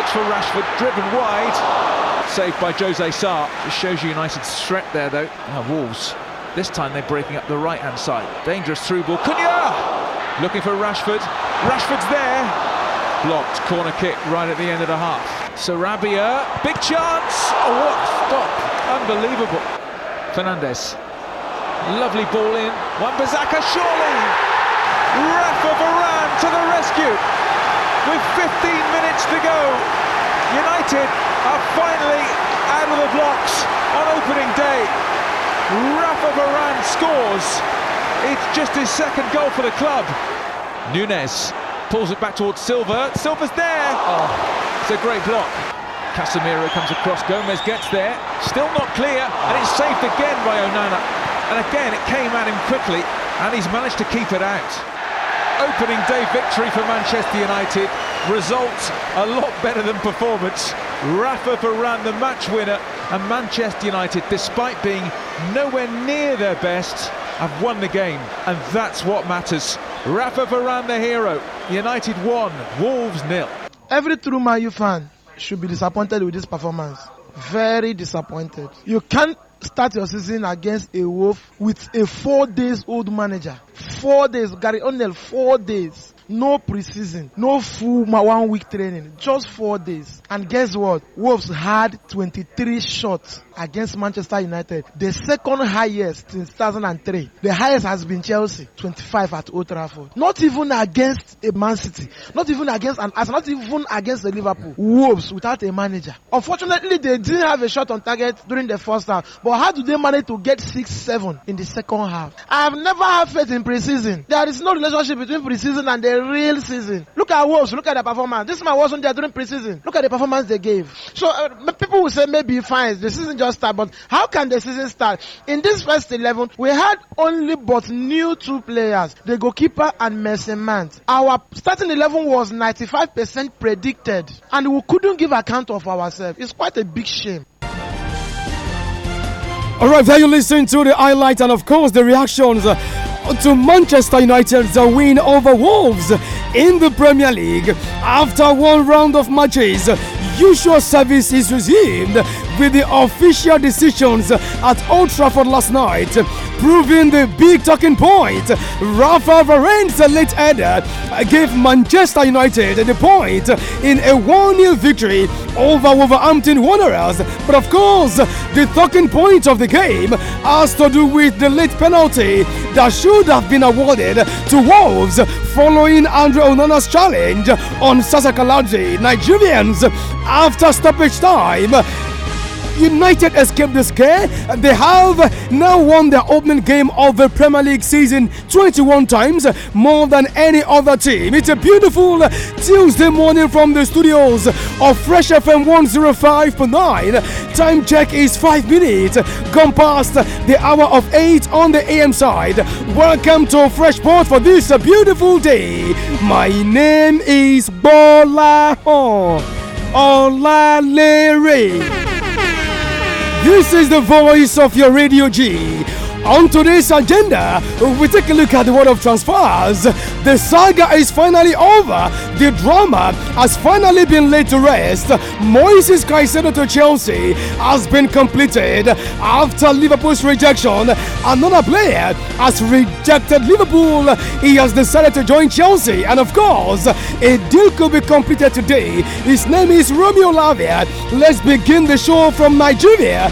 looks for Rashford, driven wide saved by Jose Sarr. Just shows you United's threat there, though. Ah, Wolves, this time they're breaking up the right-hand side. Dangerous through ball. Cunha! Looking for Rashford. Rashford's there. Blocked. Corner kick right at the end of the half. Sarabia. Big chance. Oh, what stop. Unbelievable. Fernandez. Lovely ball in. One Bazaka surely. Rafa Varane to the rescue. With 15 minutes to go. United are finally out of the blocks on opening day. Rafa Varane scores. It's just his second goal for the club. Nunes pulls it back towards Silva. Silva's there. Oh, it's a great block. Casemiro comes across. Gomez gets there. Still not clear, and it's saved again by Onana. And again, it came at him quickly, and he's managed to keep it out opening day victory for Manchester United. results a lot better than performance. Rafa Varane the match winner and Manchester United, despite being nowhere near their best, have won the game and that's what matters. Rafa Varane the hero. United won, Wolves nil. Every true Man U fan should be disappointed with this performance. very disappointed. You can't start your season against a wolf with a four days old manager. Four days, Gary O'Neill, four days. no preseason, no full one week training, just four days. And guess what? Wolves had 23 shots against Manchester United, the second highest since 2003. The highest has been Chelsea, 25 at Old Trafford. Not even against a Man City, not even against an Arsenal, not even against the Liverpool. Wolves without a manager. Unfortunately, they didn't have a shot on target during the first half. But how do they manage to get six, seven in the second half? I have never had faith in preseason. There is no relationship between preseason and the real season. Look at Wolves, look at the performance. This man wasn't there during preseason. Look at the performance they gave. So uh, people will say maybe fine, the season just started, but how can the season start? In this first 11, we had only but new two players, the goalkeeper and Messemant. Our starting 11 was 95% predicted and we couldn't give account of ourselves. It's quite a big shame. All right, there you listen to the highlight and of course the reactions. Uh, to Manchester United's win over Wolves in the Premier League. After one round of matches, usual service is resumed with the official decisions at Old Trafford last night, proving the big talking point. Rafa Varane's late header gave Manchester United the point in a 1 0 victory over Wolverhampton Wanderers. But of course, the talking point of the game has to do with the late penalty that should have been awarded to Wolves following Andre Onana's challenge on Sasa Nigerians after stoppage time. United escaped the scare. They have now won their opening game of the Premier League season 21 times, more than any other team. It's a beautiful Tuesday morning from the studios of Fresh FM 105.9. Time check is 5 minutes, gone past the hour of 8 on the AM side. Welcome to Freshport for this beautiful day. My name is Bola Olalere. This is the voice of your Radio G. On today's agenda, we take a look at the world of transfers. The saga is finally over. The drama has finally been laid to rest. Moises Caicedo to Chelsea has been completed after Liverpool's rejection. Another player has rejected Liverpool. He has decided to join Chelsea, and of course, a deal could be completed today. His name is Romeo Lavia. Let's begin the show from Nigeria.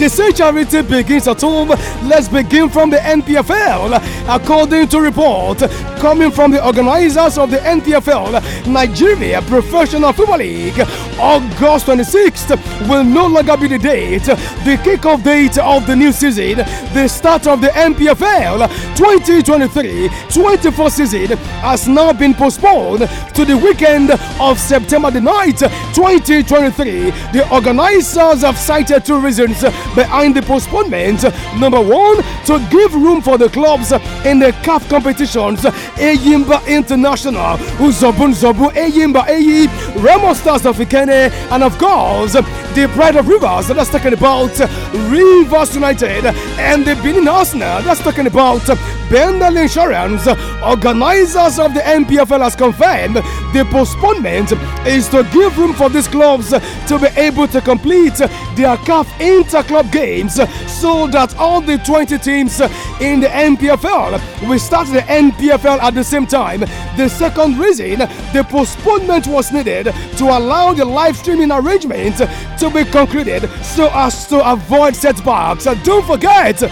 The search charity begins at home. Let's begin from the NPFL. According to report coming from the organizers of the NPFL, Nigeria Professional Football League, August 26th will no longer be the date, the kickoff date of the new season. The start of the NPFL 2023-24 season has now been postponed to the weekend of September the 9th, 2023. The organizers have cited two reasons behind the postponement. Number one, to give room for the clubs in the CAF competitions. Eyimba International, Uzobun Zobu, Eyimba Eyi, Remo Stars of Ikene, and of course, the Pride of Rivers. That's talking about Rivers United and the Benin Arsenal. That's talking about Pendal Insurance, organizers of the NPFL has confirmed the postponement is to give room for these clubs to be able to complete their CAF inter-club games so that all the 20 teams in the NPFL will start the NPFL at the same time. The second reason the postponement was needed to allow the live streaming arrangement to be concluded so as to avoid setbacks. And don't forget,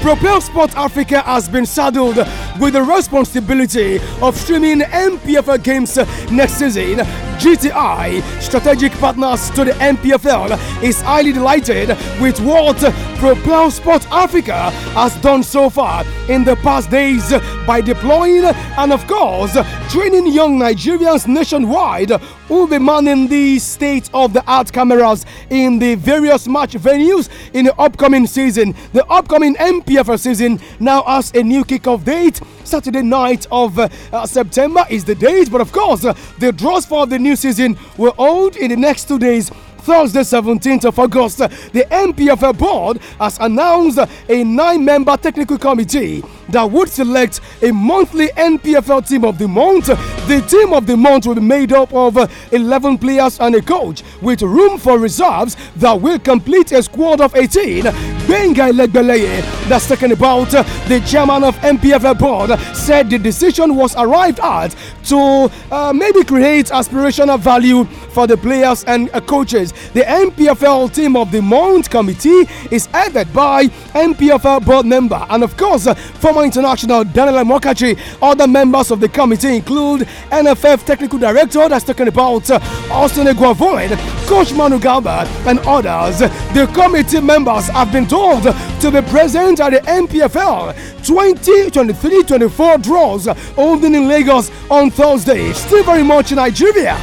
Propel Sport Africa has been saddled with the responsibility of streaming MPFL games next season. GTI, strategic partners to the MPFL, is highly delighted with what Propel Sport Africa has done so far in the past days by deploying and, of course, training young Nigerians nationwide who will be manning the state of the art cameras in the various match venues in the upcoming season. The upcoming MPFL season now has a new kickoff date. Saturday night of uh, uh, September is the date, but of course, uh, the draws for the new season will hold in the next two days. Thursday, 17th of August, the MPFL board has announced a nine member technical committee that would select a monthly NPFL team of the month. The team of the month will be made up of uh, 11 players and a coach, with room for reserves that will complete a squad of 18. Bengai Legbeleye, that's talking about uh, the chairman of NPFL board, said the decision was arrived at to uh, maybe create aspirational value for the players and uh, coaches. The NPFL team of the month committee is headed by NPFL board member and, of course, uh, former former international Daniel Mokachi. Other members of the committee include NFF Technical Director, that's talking about uh, Austin Guavoin, Coach Manu Galba, and others. The committee members have been told to be present at the MPFL 2023-24 draws holding in Lagos on Thursday. Still very much in Nigeria.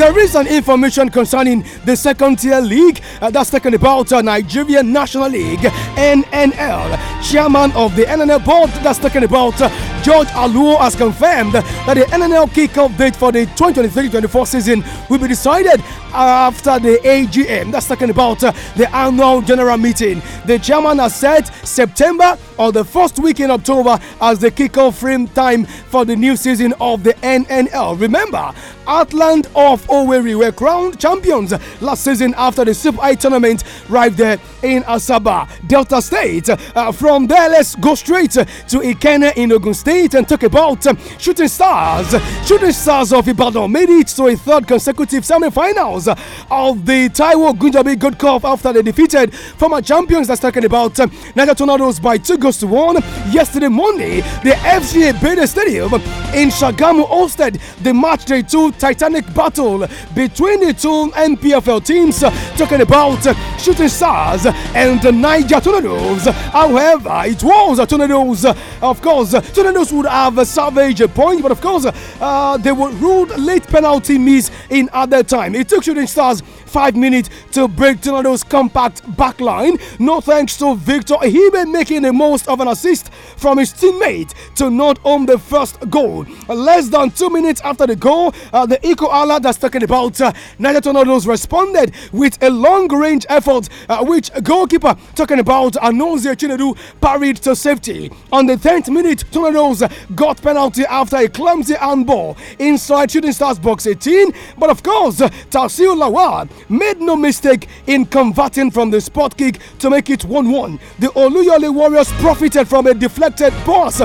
There is an information concerning the second tier league uh, that's talking about uh, Nigerian National League NNL. Chairman of the NNL board that's talking about uh, George Aluo has confirmed that the NNL kickoff date for the 2023-24 season will be decided after the AGM. That's talking about uh, the annual general meeting. The chairman has said September or the first week in October as the kickoff frame time for the new season of the NNL. Remember, Heartland of Owerri were crowned champions last season after the Super I tournament arrived there in Asaba, Delta State. Uh, from there, let's go straight to Ikena in Ogun State and talk about uh, Shooting Stars. Shooting Stars of Ibadan made it to a third consecutive semi-finals of the Taiwo Gunjabi Good Cup after they defeated former champions. That's talking about uh, Niger Tornadoes by two goals to one yesterday morning. The FCA Bede Stadium in Shagamu hosted the match day two titanic battle between the two NPFL teams, talking about Shooting Stars and the Niger Tornadoes. However, it was a Tornadoes, of course, Tornadoes would have salvaged a point, but of course, uh, they were ruled late penalty miss in other time. It took Shooting Stars five minutes to break Tornado's compact backline. No thanks to Victor Hibe making the most of an assist from his teammate to not own the first goal. Less than two minutes after the goal, uh, the Eco Ala that's talking about uh, Niger Tornadoes responded with a long range effort, uh, which goalkeeper talking about Anonzia Chinedu parried to safety. On the 10th minute, Tornadoes got penalty after a clumsy handball inside Shooting Stars box 18. But of course, Tassil Lawal made no mistake in converting from the spot kick to make it 1 1. The Oluyole Warriors profited from a deflected pass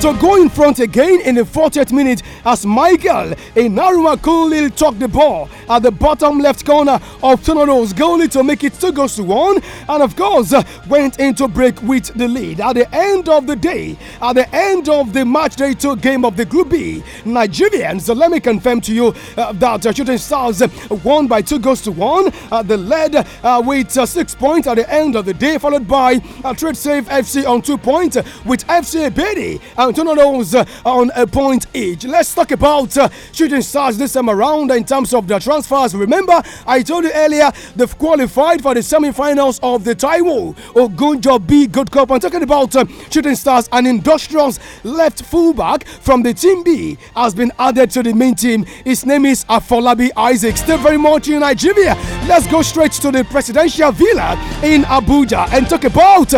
to go in front again in the 40th minute as Michael Inaruma coolly took the ball at the bottom left corner of Tornado's goalie to make it 2 goals to 1 and of course uh, went into break with the lead. At the end of the day, at the end of the match day 2 game of the Group B, Nigerians, let me confirm to you uh, that uh, Shooting Stars won by 2 goals to 1. Uh, the lead uh, with uh, 6 points at the end of the day followed by uh, Trade Save FC on 2 points with FC Abedi Antonio Knowles uh, on a point each. Let's talk about uh, shooting stars this time around in terms of the transfers. Remember, I told you earlier they've qualified for the semi-finals of the Taiwo Ogunjo oh, B Good Cup. I'm talking about uh, shooting stars and industrials left fullback from the team B has been added to the main team. His name is Afolabi Isaac. Still very much in Nigeria. Let's go straight to the presidential villa in Abuja and talk about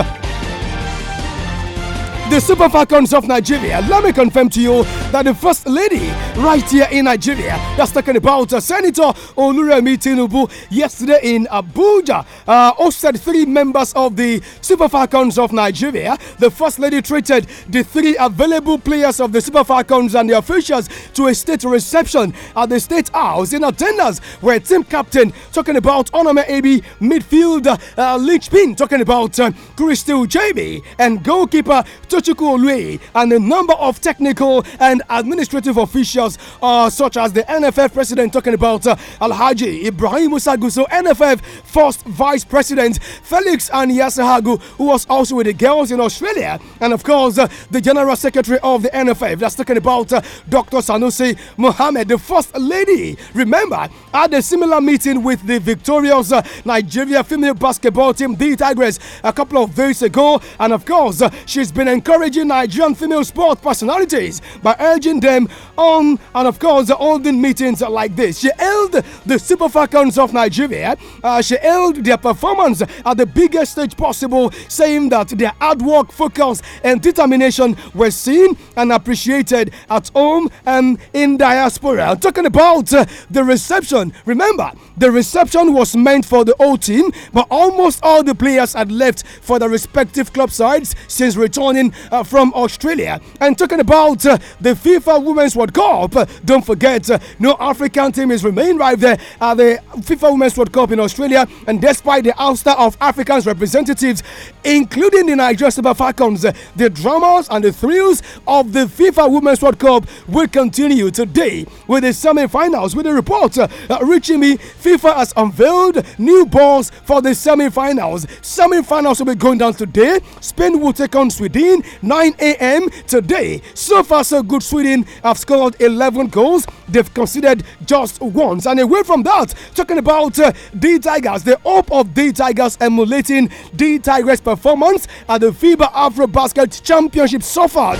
the Super Falcons of Nigeria. Let me confirm to you that the first lady right here in Nigeria, that's talking about uh, Senator Oluremi Tinubu, yesterday in Abuja, uh, hosted three members of the Super Falcons of Nigeria. The first lady treated the three available players of the Super Falcons and the officials to a state reception at the State House. In attendance were team captain talking about Onome Abi, midfielder uh, Lynch Pin talking about uh, Crystal Jamie, and goalkeeper. To Tochukwu Olue and a number of technical and administrative officials, uh, such as the NFF president, talking about uh, Alhaji Ibrahim Musaguso, NFF first vice president, Felix Aniasahagu, who was also with the girls in Australia, and of course, uh, the general secretary of the NFF. That's talking about uh, Dr. Sanusi Mohammed, the first lady. Remember, at a similar meeting with the victorious uh, Nigeria female basketball team, the Tigress, a couple of days ago, and of course, uh, she's been encouraged encouraging Nigerian female sport personalities by urging them on and, of course, holding meetings like this. She held the Super Falcons of Nigeria, uh, she held their performance at the biggest stage possible, saying that their hard work, focus, and determination were seen and appreciated at home and in diaspora. Talking about uh, the reception, remember, the reception was meant for the whole team, but almost all the players had left for their respective club sides since returning uh, from Australia. And talking about uh, the FIFA Women's World Cup, uh, don't forget, uh, no African team is remaining right there at the FIFA Women's World Cup in Australia. And despite the ouster of Africans representatives, including the Nigerian Super Falcons, uh, the dramas and the thrills of the FIFA Women's World Cup will continue today with the semi-finals. With the report uh, reaching me, FIFA has unveiled new balls for the semi-finals. Semi-finals will be going down today. Spain will take on Sweden. 9 a.m. today. So far, so good. Sweden have scored 11 goals. They've conceded just once. And away from that, talking about uh, the Tigers, the hope of the Tigers emulating the Tigers' performance at the FIBA Afro Basket Championship far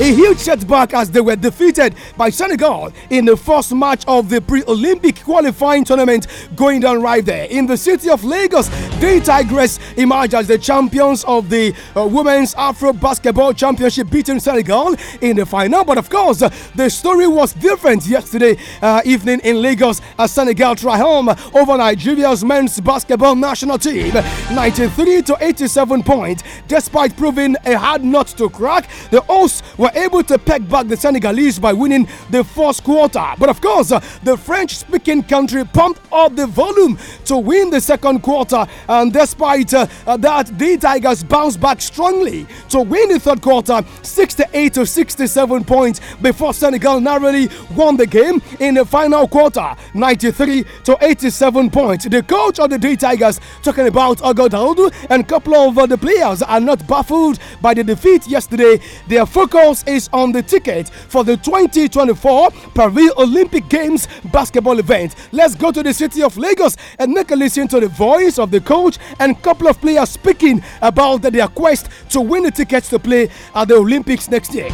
a huge setback as they were defeated by Senegal in the first match of the pre Olympic qualifying tournament going down right there. In the city of Lagos, The Tigress emerged as the champions of the uh, Women's Afro Basketball Championship, beating Senegal in the final. But of course, uh, the story was different yesterday uh, evening in Lagos as Senegal triumphed over Nigeria's men's basketball national team 93 to 87 points, despite proving a hard nut to crack. The hosts were were able to peg back the Senegalese by winning the first quarter. But of course, uh, the French speaking country pumped up the volume to win the second quarter. And despite uh, that, the Tigers bounced back strongly to win the third quarter 68 to 67 points before Senegal narrowly won the game in the final quarter 93 to 87 points. The coach of the D Tigers talking about Ogodaudu and a couple of uh, the players are not baffled by the defeat yesterday. Their focus is on the ticket for the 2024 Paris Olympic Games basketball event. Let's go to the city of Lagos and make a listen to the voice of the coach and couple of players speaking about their quest to win the tickets to play at the Olympics next year.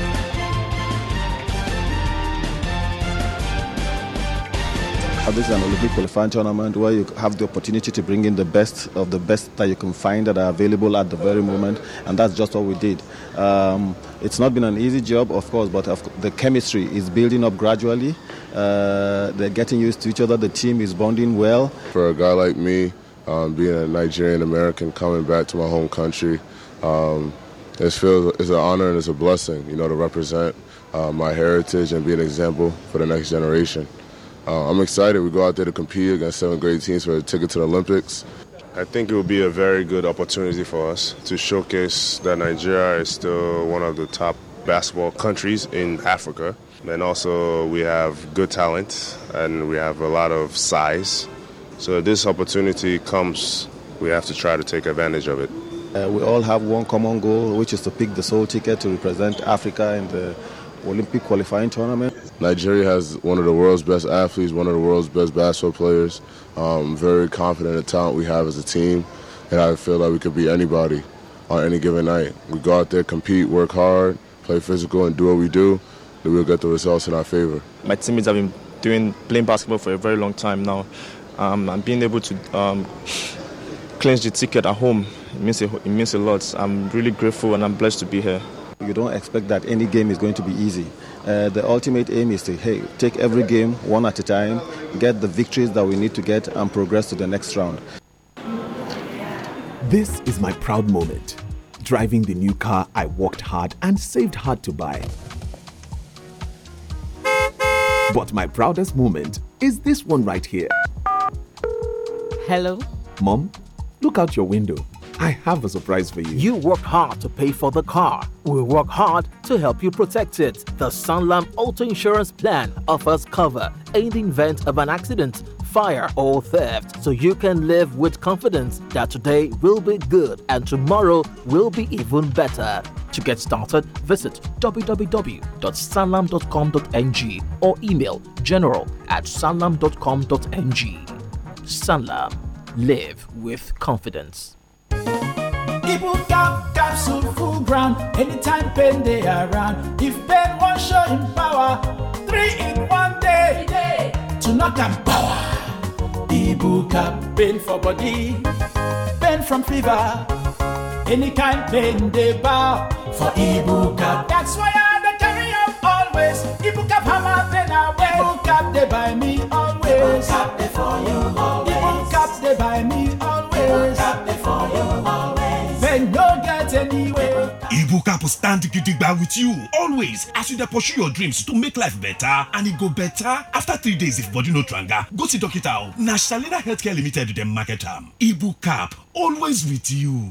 this is an Olympic qualifying tournament where you have the opportunity to bring in the best of the best that you can find that are available at the very moment, and that's just what we did. Um, it's not been an easy job, of course, but the chemistry is building up gradually. Uh, they're getting used to each other. The team is bonding well. For a guy like me, um, being a Nigerian American, coming back to my home country, um, it feels it's an honor and it's a blessing, you know, to represent uh, my heritage and be an example for the next generation. Uh, I'm excited. We go out there to compete against seven grade teams for a ticket to the Olympics. I think it will be a very good opportunity for us to showcase that Nigeria is still one of the top basketball countries in Africa. And also, we have good talent and we have a lot of size. So, this opportunity comes, we have to try to take advantage of it. Uh, we all have one common goal, which is to pick the sole ticket to represent Africa in the Olympic qualifying tournament. Nigeria has one of the world's best athletes, one of the world's best basketball players. Um, very confident in the talent we have as a team, and I feel like we could be anybody on any given night. We go out there, compete, work hard, play physical, and do what we do, then we'll get the results in our favor. My teammates have been doing playing basketball for a very long time now, um, and being able to um, [sighs] clinch the ticket at home it means a, it means a lot. I'm really grateful and I'm blessed to be here. You don't expect that any game is going to be easy. Uh, the ultimate aim is to hey, take every game one at a time, get the victories that we need to get, and progress to the next round. This is my proud moment. Driving the new car I worked hard and saved hard to buy. But my proudest moment is this one right here. Hello? Mom, look out your window. I have a surprise for you. You work hard to pay for the car. We work hard to help you protect it. The Sunlam Auto Insurance Plan offers cover in the event of an accident, fire, or theft, so you can live with confidence that today will be good and tomorrow will be even better. To get started, visit www.sanlam.com.ng or email general at sanlam.com.ng. Sunlam, Live with confidence. People cap capsule full ground. Anytime pen they around. If pen one show in power, three in one day. day. To knock and power. Ibu cap pain for body, pain from fever. Any kind pain they bow for Ibu cap. That's why I they carry up always. Ibu cap hammer pain away. Ibu cap they buy me always. Ibu cap they for you always. Ibu cap they buy me Book will stand gidigba with you always as you dey pursue your dreams to make life better and e go better. After three days if body no tranga, go see doctor o. Na Shalina Healthcare Limited dem market am. Ibu cap always with you.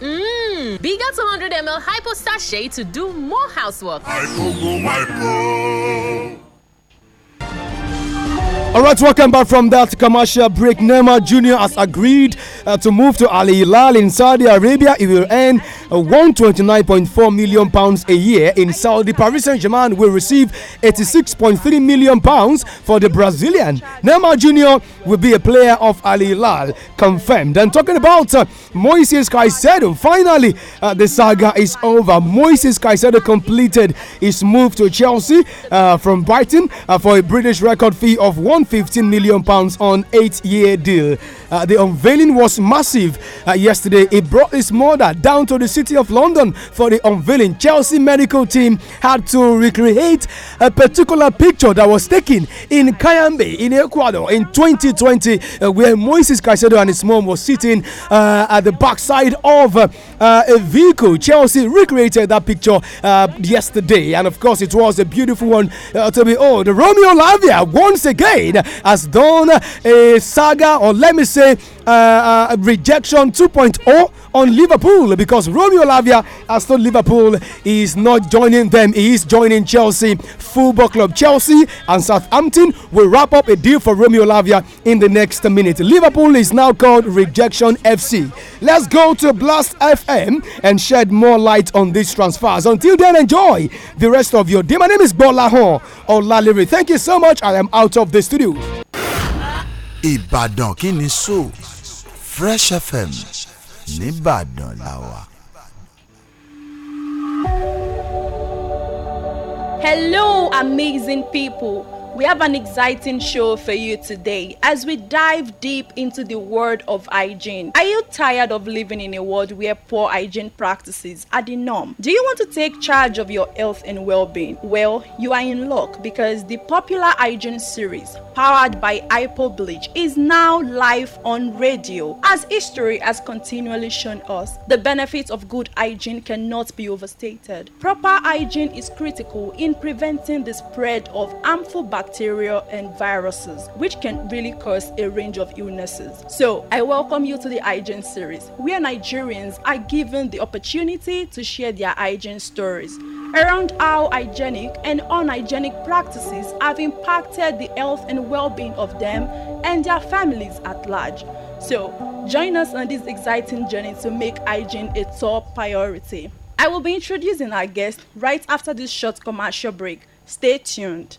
Mmm, bigger 200 ml hypo sachet to do more housework. Hypo, go, hypo. All right, welcome back from that commercial break. Neymar Jr. has agreed uh, to move to Al Hilal in Saudi Arabia. He will earn uh, 129.4 million pounds a year in Saudi. Paris Saint-Germain will receive 86.3 million pounds for the Brazilian. Neymar Jr. will be a player of Al Hilal, confirmed. And talking about uh, Moises Caicedo, finally uh, the saga is over. Moises Caicedo completed his move to Chelsea uh, from Brighton uh, for a British record fee of one. £115 million on eight-year deal. Uh, the unveiling was massive uh, yesterday. It brought his mother down to the city of London for the unveiling. Chelsea medical team had to recreate a particular picture that was taken in Cayambe in Ecuador in 2020, uh, where Moises Caicedo and his mom was sitting uh, at the backside of uh, a vehicle. Chelsea recreated that picture uh, yesterday, and of course, it was a beautiful one to behold. Romeo Lavia once again as has done a saga, or let me say, uh, uh, rejection 2.0 on Liverpool because Romeo Lavia has told Liverpool he is not joining them. He is joining Chelsea. Football Club Chelsea and Southampton will wrap up a deal for Romeo Lavia in the next minute. Liverpool is now called Rejection FC. Let's go to Blast FM and shed more light on these transfers. Until then, enjoy the rest of your day. My name is Bola or Olaliri. Thank you so much. I am out of the studio. Ìbàdàn kí ni so Fresh FM nìbàdàn Hello, amazing people. We have an exciting show for you today as we dive deep into the world of hygiene. Are you tired of living in a world where poor hygiene practices are the norm? Do you want to take charge of your health and well being? Well, you are in luck because the popular hygiene series powered by Bleach, is now live on radio. As history has continually shown us, the benefits of good hygiene cannot be overstated. Proper hygiene is critical in preventing the spread of harmful bacteria and viruses, which can really cause a range of illnesses. So, I welcome you to the Hygiene series, where Nigerians are given the opportunity to share their hygiene stories around how hygienic and unhygienic practices have impacted the health and well being of them and their families at large. So, join us on this exciting journey to make hygiene a top priority. I will be introducing our guest right after this short commercial break. Stay tuned.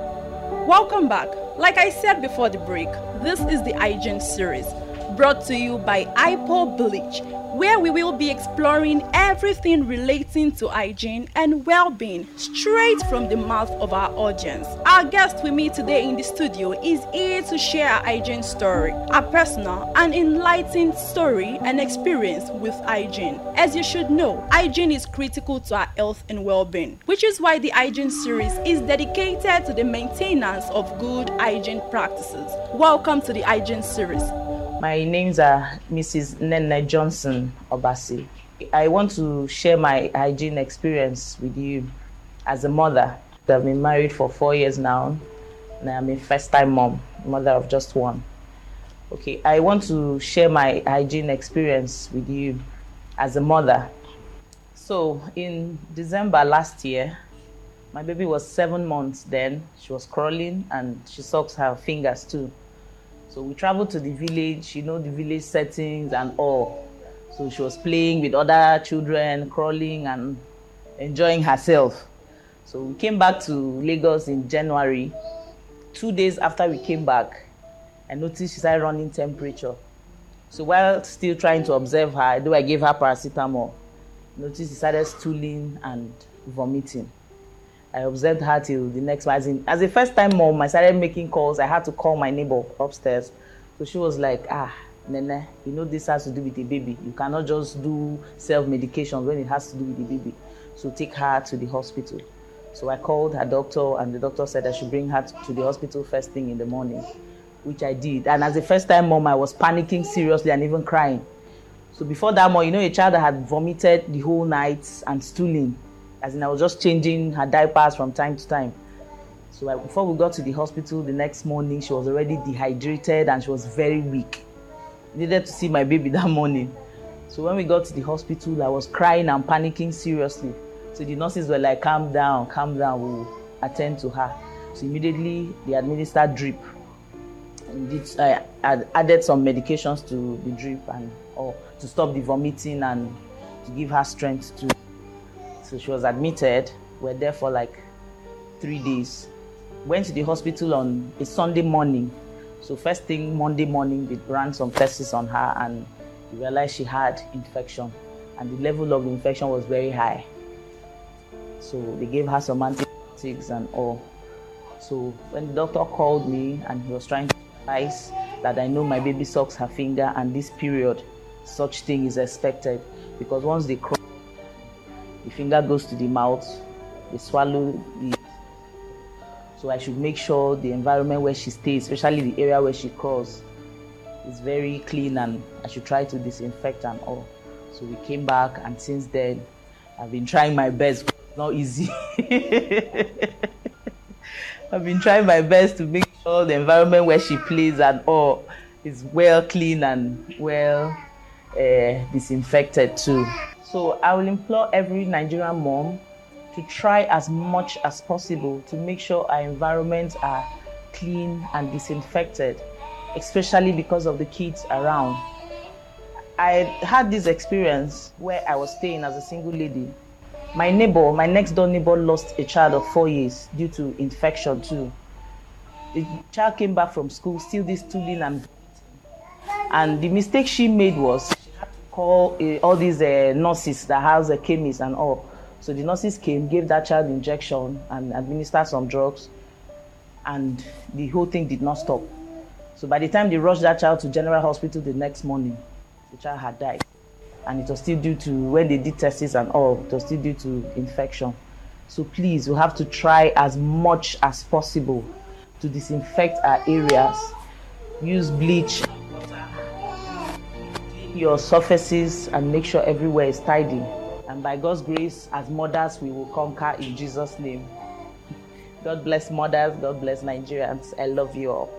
Welcome back. Like I said before the break, this is the iGen series brought to you by IPO Bleach, where we will be exploring everything relating to hygiene and well being straight from the mouth of our audience. Our guest with me today in the studio is here to share a hygiene story, a personal and enlightening story and experience with hygiene. As you should know, hygiene is critical to our health and well being, which is why the hygiene series is dedicated to the maintenance of good hygiene practices. Welcome to the hygiene series. My names are Mrs. Nene Johnson Obasi. I want to share my hygiene experience with you as a mother. I've been married for four years now, and I'm a first time mom, mother of just one. Okay, I want to share my hygiene experience with you as a mother. So, in December last year, my baby was seven months then. She was crawling and she sucks her fingers too. So we traveled to the village, you know, the village settings and all. So she was playing with other children, crawling and enjoying herself. So we came back to Lagos in January. Two days after we came back, I noticed she started running temperature. So while still trying to observe her, though I gave her paracetamol, noticed she started stooling and vomiting. I observed her till the next morning. in, as a first time mom, I started making calls. I had to call my neighbor upstairs. So she was like, ah, Nene, you know this has to do with the baby. You cannot just do self-medication when it has to do with the baby. So take her to the hospital. So I called her doctor and the doctor said I should bring her to the hospital first thing in the morning, which I did. And as a first time mom, I was panicking seriously and even crying. So before that mom, you know, a child that had vomited the whole night and stooling as in I was just changing her diapers from time to time. So I, before we got to the hospital the next morning, she was already dehydrated and she was very weak. Needed to see my baby [laughs] that morning. So when we got to the hospital, I was crying and panicking seriously. So the nurses were like, calm down, calm down, we'll attend to her. So immediately they administered drip. And I added some medications to the drip and to stop the vomiting and to give her strength to so she was admitted. We're there for like three days. Went to the hospital on a Sunday morning. So first thing Monday morning, they ran some tests on her and we realized she had infection. And the level of infection was very high. So they gave her some antibiotics and all. So when the doctor called me and he was trying to advise that I know my baby sucks her finger and this period, such thing is expected because once they cross the finger goes to the mouth, they swallow it. So I should make sure the environment where she stays, especially the area where she crawls, is very clean and I should try to disinfect and all. So we came back and since then I've been trying my best. It's not easy. [laughs] I've been trying my best to make sure the environment where she plays and all is well clean and well uh, disinfected too. So I will implore every Nigerian mom to try as much as possible to make sure our environments are clean and disinfected, especially because of the kids around. I had this experience where I was staying as a single lady. My neighbor, my next door neighbor, lost a child of four years due to infection too. The child came back from school still this stooling and and the mistake she made was call uh, all these uh, nurses that has a eh, chemist and all. So the nurses came, gave that child injection and administered some drugs, and the whole thing did not stop. So by the time they rushed that child to General Hospital the next morning, the child had died. And it was still due to, when they did tests and all, it was still due to infection. So please, we have to try as much as possible to disinfect our areas, use bleach your surfaces and make sure everywhere is tidy. And by God's grace, as mothers, we will conquer in Jesus' name. God bless mothers. God bless Nigerians. I love you all.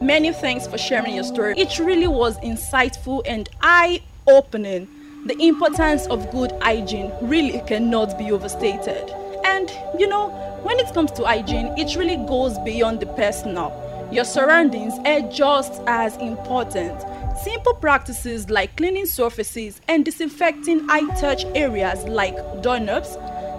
Many thanks for sharing your story. It really was insightful and eye opening. The importance of good hygiene really cannot be overstated. And you know, when it comes to hygiene, it really goes beyond the personal your surroundings are just as important. Simple practices like cleaning surfaces and disinfecting high touch areas like doorknobs,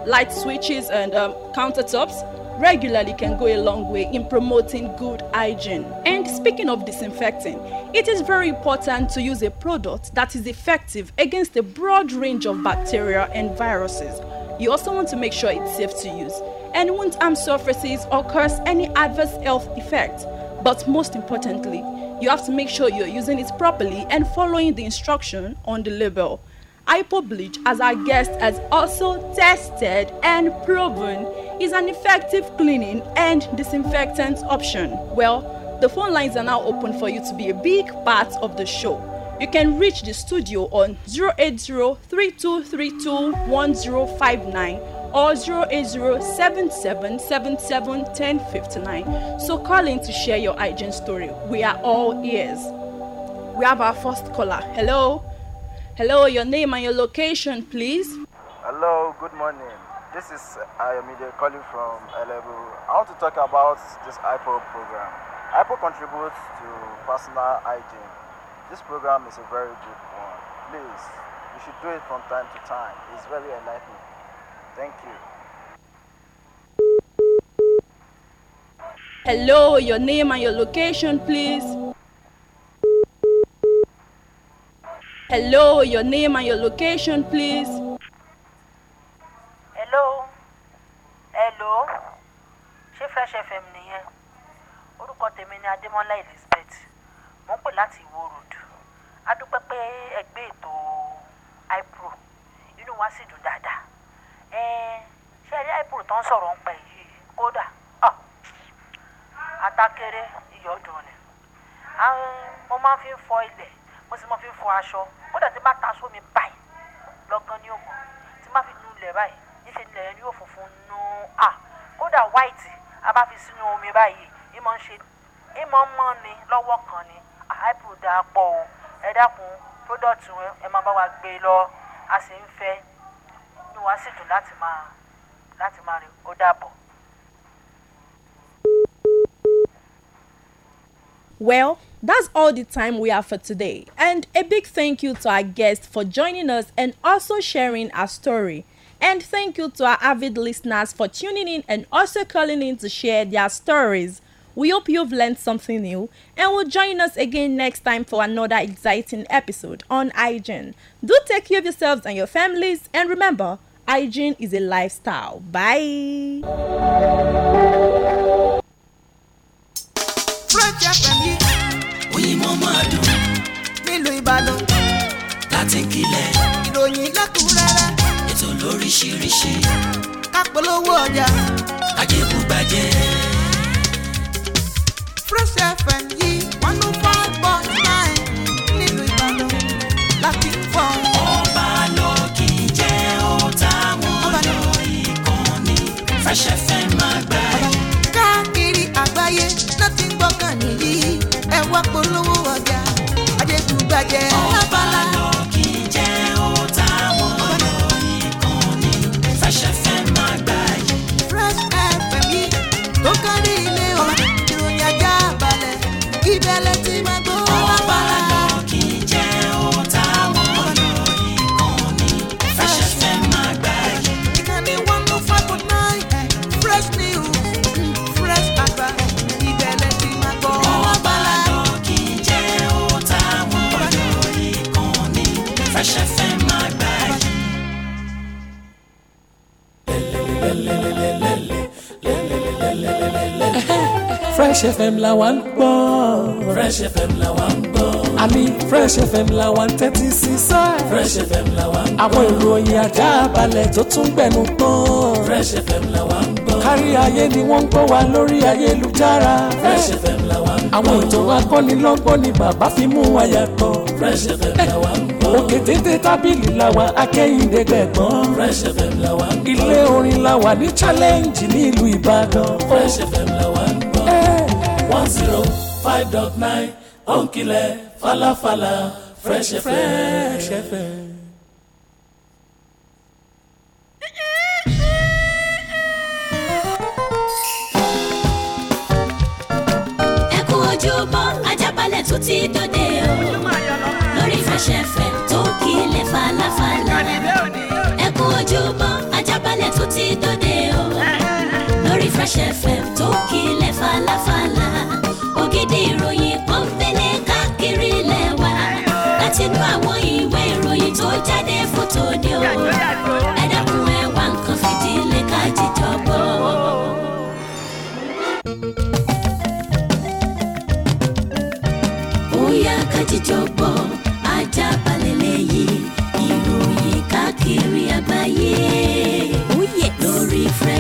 light switches, and um, countertops regularly can go a long way in promoting good hygiene. And speaking of disinfecting, it is very important to use a product that is effective against a broad range of bacteria and viruses. You also want to make sure it's safe to use and won't harm surfaces or cause any adverse health effect. But most importantly, you have to make sure you're using it properly and following the instruction on the label. Hypo bleach, as our guest has also tested and proven, is an effective cleaning and disinfectant option. Well, the phone lines are now open for you to be a big part of the show. You can reach the studio on 080 3232 1059 or 08077771059. So call in to share your hygiene story. We are all ears. We have our first caller. Hello. Hello, your name and your location, please. Hello, good morning. This is uh, Ayomide calling from Elebu. I want to talk about this IPO program. IPO contributes to personal hygiene. This program is a very good one. Please, you should do it from time to time. It's very enlightening. Thank you. Hello, your name and your location, please. Hello, your name and your location, please. Hello. Hello. Ṣé Fresh FM nìyẹn? Orúkọ tèmi ni Adémọ́lá Elisa. fi ń fọ ilẹ̀ mo sì máa fi ń fọ aṣọ kódà tí bá ta aṣọ mi báyìí lọ́gán ni ó tí má fi nu ilẹ̀ báyìí níṣẹ́ ilẹ̀ yẹn yóò funfun nù à kódà white a bá fi sínú omi báyìí ìmọ̀ ń ṣe ìmọ̀ ń mọ́ ni lọ́wọ́ kan ni àìpò dáa pọ̀ o ẹ dákun product wọn ẹ máa bá wa gbé e lọ a sì ń fẹ́ inú wa sì dùn láti máa láti máa rìn ó dàbọ̀. well That's all the time we have for today. And a big thank you to our guest for joining us and also sharing our story. And thank you to our avid listeners for tuning in and also calling in to share their stories. We hope you've learned something new and will join us again next time for another exciting episode on hygiene. Do take care of yourselves and your families and remember, hygiene is a lifestyle. Bye. nílùú Ìbàdàn. láti kílẹ̀. ìròyìn lẹ́kùnrẹ́rẹ́. ètò lóríṣiríṣi. ká polówó ọjà. ajẹ́kùgbàjẹ́. Fresh FM yìí. again. pẹ̀lẹ́pẹ̀lẹ́. Fresh FM la wa ń gbọ́. Fresh FM la wa ń gbọ́. àmì Fresh FM la wa ń tẹ́tí sí sá. Fresh FM la wa ń gbọ́. àwọn ìròyìn ajá balẹ̀ tó tún gbẹnu gbọ́n. Fresh FM la wa ń gbọ́. kárí ayé ni wọ́n ń gbọ́ wa lórí ayélujára. Fresh FM la wa ń gbọ́. àwọn ìtàn akọ́nilọ́gbọ́n ni bàbá fi mú wa yàtọ̀. Fresh FM la wa ń gbọ́ òkè téńté tábìlì làwa akẹ́yìndé gbẹ̀gbọ́n. Fresh FM làwa gbọ́. ilé orin làwa ní challenge ní Ìbàdàn. Fresh FM làwa gbọ́. one zero five dot nine òǹkìlẹ̀ falafala Fresh FM. Fresh FM. ẹ kú ojúbọ Ajaabale tún ti dòde o Fresh FM tó kílẹ̀ falafala. ẹ kú ojúmọ́ ajábalẹ̀ tó ti dòde o. lórí Fresh FM tó kílẹ̀ falafala. ògidì ìròyìn kan fẹ́lẹ́ káàkiri lẹ́wà. láti inú àwọn ìwé ìròyìn tó jáde fótó ni o. ẹ dákun ẹ wá nǹkan fìdílé ká jíjọ gbọ́. ó yá ká jíjọ gbọ́.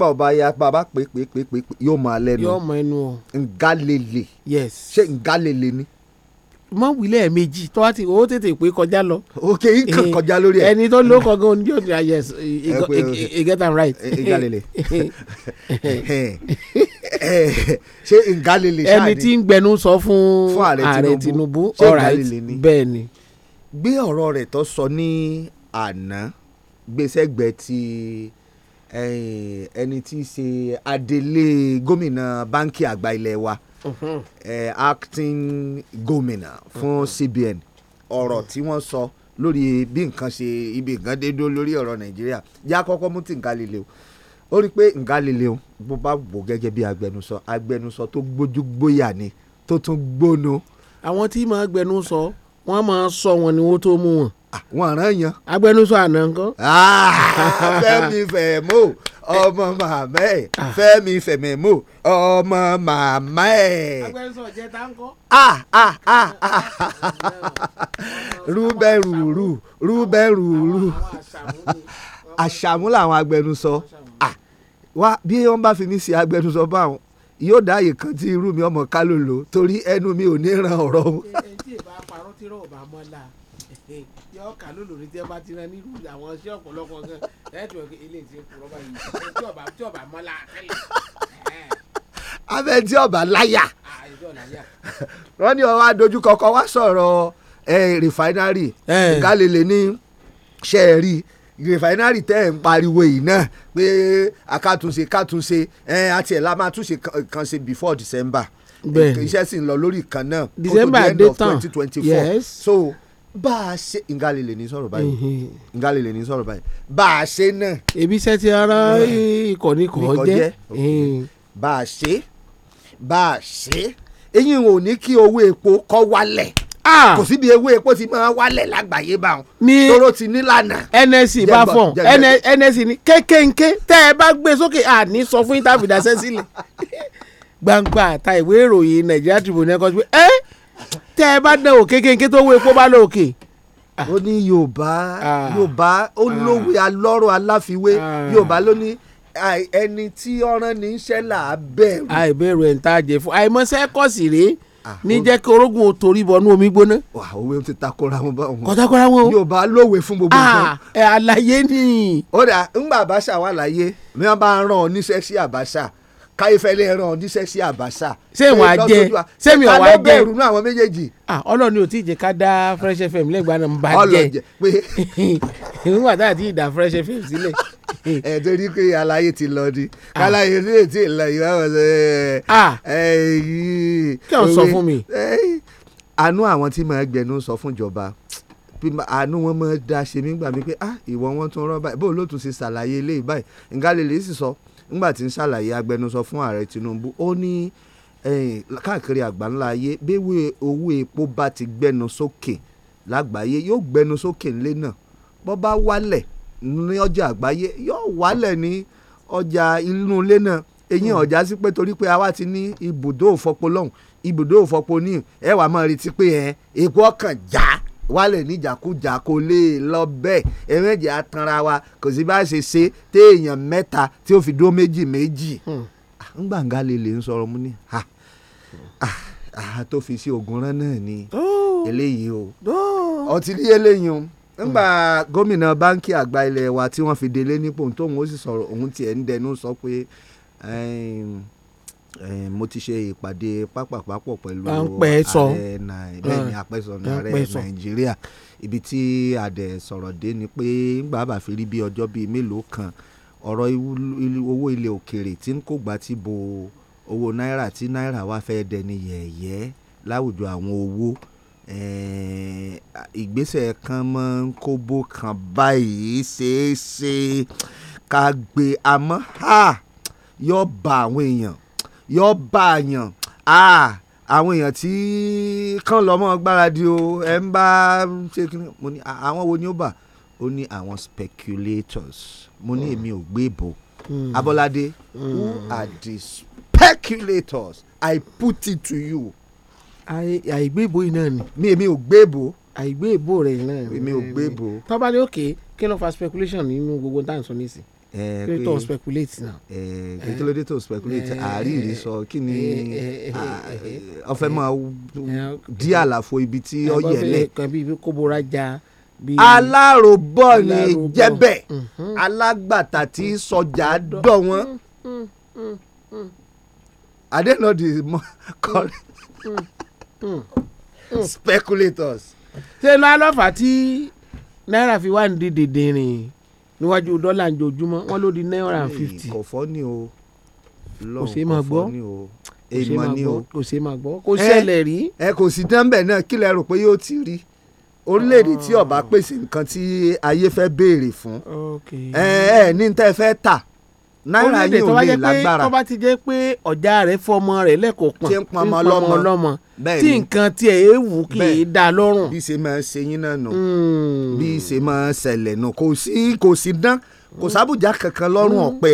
ńgbà ọba ya bàbá pé pé pé pé yóò mọ alẹ́ nu yóò mọ ẹnu o. ngalele. yes ṣé ngalele ni. mọ wílẹ̀ méjì tó wá ti o tètè pé kọjá lọ. ok nǹkan eh, kọjá lórí ẹ. ẹni tó ló kọ gan ni yóò ní ah e [laughs] get am right. ngalele [laughs] ṣé ngalele ṣáà ni. ẹni tí ń gbẹnu sọ fún ààrẹ Tinubu alright bẹ́ẹ̀ ni. gbé ọ̀rọ̀ rẹ̀ tó sọ ní àná gbèsè gbẹ ti. Eh, ẹni tí í ṣe adelé gómìnà báńkì àgbà ilé wa mhm. eh, acting gómìnà fún mhm. CBN ọ̀rọ̀ tí wọ́n sọ lórí bí nǹkan ṣe ibi nǹkan dé lórí ọ̀rọ̀ Nàìjíríà yá kọ́kọ́ mú tí nǹkan lè o ó rí i pé nǹkan lè le o bó bá wò gẹ́gẹ́ bí agbẹnusọ agbẹnusọ tó gbójú gbóyà ni tó tún gbóno. àwọn tí màá gbẹnusọ wọn máa sọ wọn ni wọn tó mú wọn wọn ràn yan. agbẹnusọ àná ńkọ́. Ah, fẹ́mi fẹ̀mọ́ ọmọ màmá ẹ̀ ah. fẹ́mi fẹ̀mẹ́mọ́ ọmọ màmá ẹ̀. agbẹnusọ jẹta ńkọ́. Ah, rúbẹ̀rúrú rúbẹ̀rúrú àṣàmú làwọn agbẹnusọ wá bí wọn bá fi mí ṣe agbẹnusọ báwọn yóò dá àyè kan tí irú mi ọmọ kálò lò torí ẹnu mi ò ní ran ọ̀rọ̀. ẹ ẹ tí ì bá parọ́ tí rọ̀ bá mọ́ la yọ kà lólórí tí ẹ bá ti rán nírú àwọn iṣẹ́ ọ̀pọ̀lọpọ̀ gan ẹ ti wọ pé eléyìí ti ń kú rọba yìí tí ọba tí ọba mọlá tẹ́lẹ̀. abẹ tí ọba láyà wọn ní ọwọ adójúkọ kan wá sọ̀rọ̀ rìfáínárì kálílẹ ní ṣẹẹrí rìfáínárì tẹ́ ẹ̀ ń pariwo yìí náà pé akátúnṣe kátúnṣe àti ẹ̀ la máa túnṣe kan ṣe before December iṣẹ́ sì ń lọ lórí kan náà December dé tán yes so bá a ṣe ngalile ní sọ̀rọ̀ báyìí ngalile ní sọ̀rọ̀ báyìí bá a ṣe náà. ebi iṣẹ́ ti ara ikọ̀ ni kò jẹ́ bá a ṣe bá a ṣe eyín ò ní kí owó epo kọ́ wálẹ̀ kò síbi ewé epo ti máa wálẹ̀ lágbàáyé báwọn tóró ti nílànà. nsc bá fọn nsc ní kékèké tẹ́ ẹ bá gbé sókè àní sọ fún yín tá a fìdásẹ́ sílẹ̀ [laughs] gbangba àta ìwé ìròyìn nàìjíríà tribune ẹ̀kọ́ sí pé ẹ́. Eh? tẹ́ ẹ bá dánwò kékeré tó wé epo bá lóòkè ó ní yorùbá ah. yorùbá ó lówe ah. alọ́rọ̀ aláfiwé ah. yorùbá ló ní ẹni tí ọ̀ràn ní í ṣẹ́ là á bẹ̀rù. àìbẹ̀rù ẹ̀ ń tàjẹ̀ fún àìmọ̀ṣẹ́ kọ̀sì rèé ní jẹ́ kí orógùn ò torí bọ̀ nú omi gbóná. wà á òwe ti takora wọn bá wọn. kọ́takora wọn. yóò bá lówe fún gbogbo nǹkan. ẹ àlàyé ni. ó dà ńgbà àbáṣà wà láyé mi wọn bá ń rán oníṣẹ́ sí àbáṣà káyéfẹ́lẹ́ ràn jíṣẹ́ sí àbáṣà. ṣé wọn á jẹ ṣé mi ò wá jẹ ká ló bẹ̀rù nú àwọn méjèèjì. ọlọ́run ni ò tí ì jẹ́ ká dá fresh fm lẹ́gbàá náà ń bá jẹ́ [laughs] nígbà tá a ti dá fresh fm sílẹ̀. [laughs] ẹ torí pé aláyé ti lọ ni aláyé ní ètí ìlọ yìí wá wọlé. kí ọ sọ fún mi. àánú àwọn tí màá gbẹnu sọ fún ìjọba àánú wọn máa dá ṣe gbà mí pé ah ìwọ wọn tún rọ báyìí bó ló tún ṣe ṣàlàyé eléyìí báyìí nǹkan sì sọ. So ńgbà tí ń ṣàlàyé agbẹnusọ fún ààrẹ Tinubu ó ní káàkiri àgbáńlá ayé béwé owó epo bá ti gbẹnu sókè lágbàáyé yóò gbẹnu sókè ńlẹ̀ náà bó bá wálẹ̀ ní ọjà àgbáyé yóò wálẹ̀ ní ọjà inú ilé náà èyí hmm. ọjà sí pé torí pé àwa ti ní ibùdó òfọpo lọ́hùn ibùdó òfọpo ní ẹ máa retí pé ẹ epo ọkàn já wálẹ̀ níjàkújà kò lè lọ bẹ́ẹ̀ ẹ̀rẹ́jì atanra wa kò sí bá ṣe ṣe téèyàn mẹ́ta tí ó fi dúró méjì méjì hmm. ń gbàǹgà lèlè ń sọ̀rọ̀ mu ní àá tó fi sí ogun rán náà ni oh. eléyìí o ọtí oh. ní eléyìí o ńgbà hmm. gómìnà báńkì àgbà ilé wa tí wọ́n fi délé nípò tóun ó sì sọ̀rọ̀ òun tiẹ̀ ń dẹnu sọ pé mo ti ṣe ìpàdé pápápápọ̀ pẹ̀lú ààrẹ bẹ́ẹ̀ni àpẹsọ ààrẹ nàìjíríà ibi tí a dẹ̀ sọ̀rọ̀ dé ni pé ńgbà bá fi rí bí ọjọ́ bíi mélòó kan ọ̀rọ̀ owó ilẹ̀ òkèrè tí ń kó gbà ti bo owó náírà tí náírà wá fẹ́ dẹni yẹ̀yẹ́ láwùjọ àwọn owó ìgbésẹ̀ kan máa ń kó bó kan báyìí ṣeé ká gbé àmọ́ yóò ba àwọn èèyàn yọ bá a yàn ah, àwọn èèyàn tí kàn lọ́mọ gbáradì o ẹ̀ ń bá ṣe kí mo ní àwọn wo ni ó bà ó ní àwọn speculators mo ní èmi ò gbé ìbò hmm. Abọ́ládé who hmm. are the speculators I put it to you. àìgbé ìbò yìí náà ni. mi èmi ò gbé ìbò. àìgbé ìbò rẹ̀ náà ni. èmi ò gbé ìbò. tọ́ba ní òkè kí ló fa speculation nínú gbogbo táwọn sọ nísìnyí Eh, pé tó speculate náà. pé eh, kí ló eh, dé tó speculate àárírí sọ kí ni ọfẹ máa dí àlàfo ibi tí ó yẹlẹ. kan bí ibi kó bora ja aláròbọ̀ ni jẹ́bẹ̀ mhm. alágbàtà tí mhm. sọjà dọ̀ wọ́n adenodi mhm, correct speculators. ṣé ló alọ́fà tí náírà fi wá ní dídìndín rìn níwájú dọ́là ń jojúmọ́ wọ́n ló di nine hundred and fifty. kọ̀fọ́ ni o lọ́n kọ̀fọ́ ni o èèmọ̀ ni o kò ṣe máa gbọ́ kò ṣẹlẹ̀ rí. ẹ kò sí dánbẹ̀ náà kí lẹ rò pé yóò ti rí orílẹ̀-èdè tí ọba ah. pèsè nǹkan tí ayé fẹ́ béèrè fún ẹ ẹ ní tẹ́ fẹ́ tà náírà yìí ò lè lágbára tó bá ti jẹ́ pé ọ̀já rẹ̀ fọmọ rẹ̀ lẹ́kọ̀ọ́pọ̀n tí ń pọnmọ lọ́mọ tí nǹkan tiẹ̀ ewu kì í da lọ́rùn. bí ṣe máa ń ṣe yín náà nù hmm. bí ṣe máa ń ṣẹlẹ̀ nù kò sí kò sí dán kò hmm. sábùjá kankan lọ́rùn hmm. ọ̀pẹ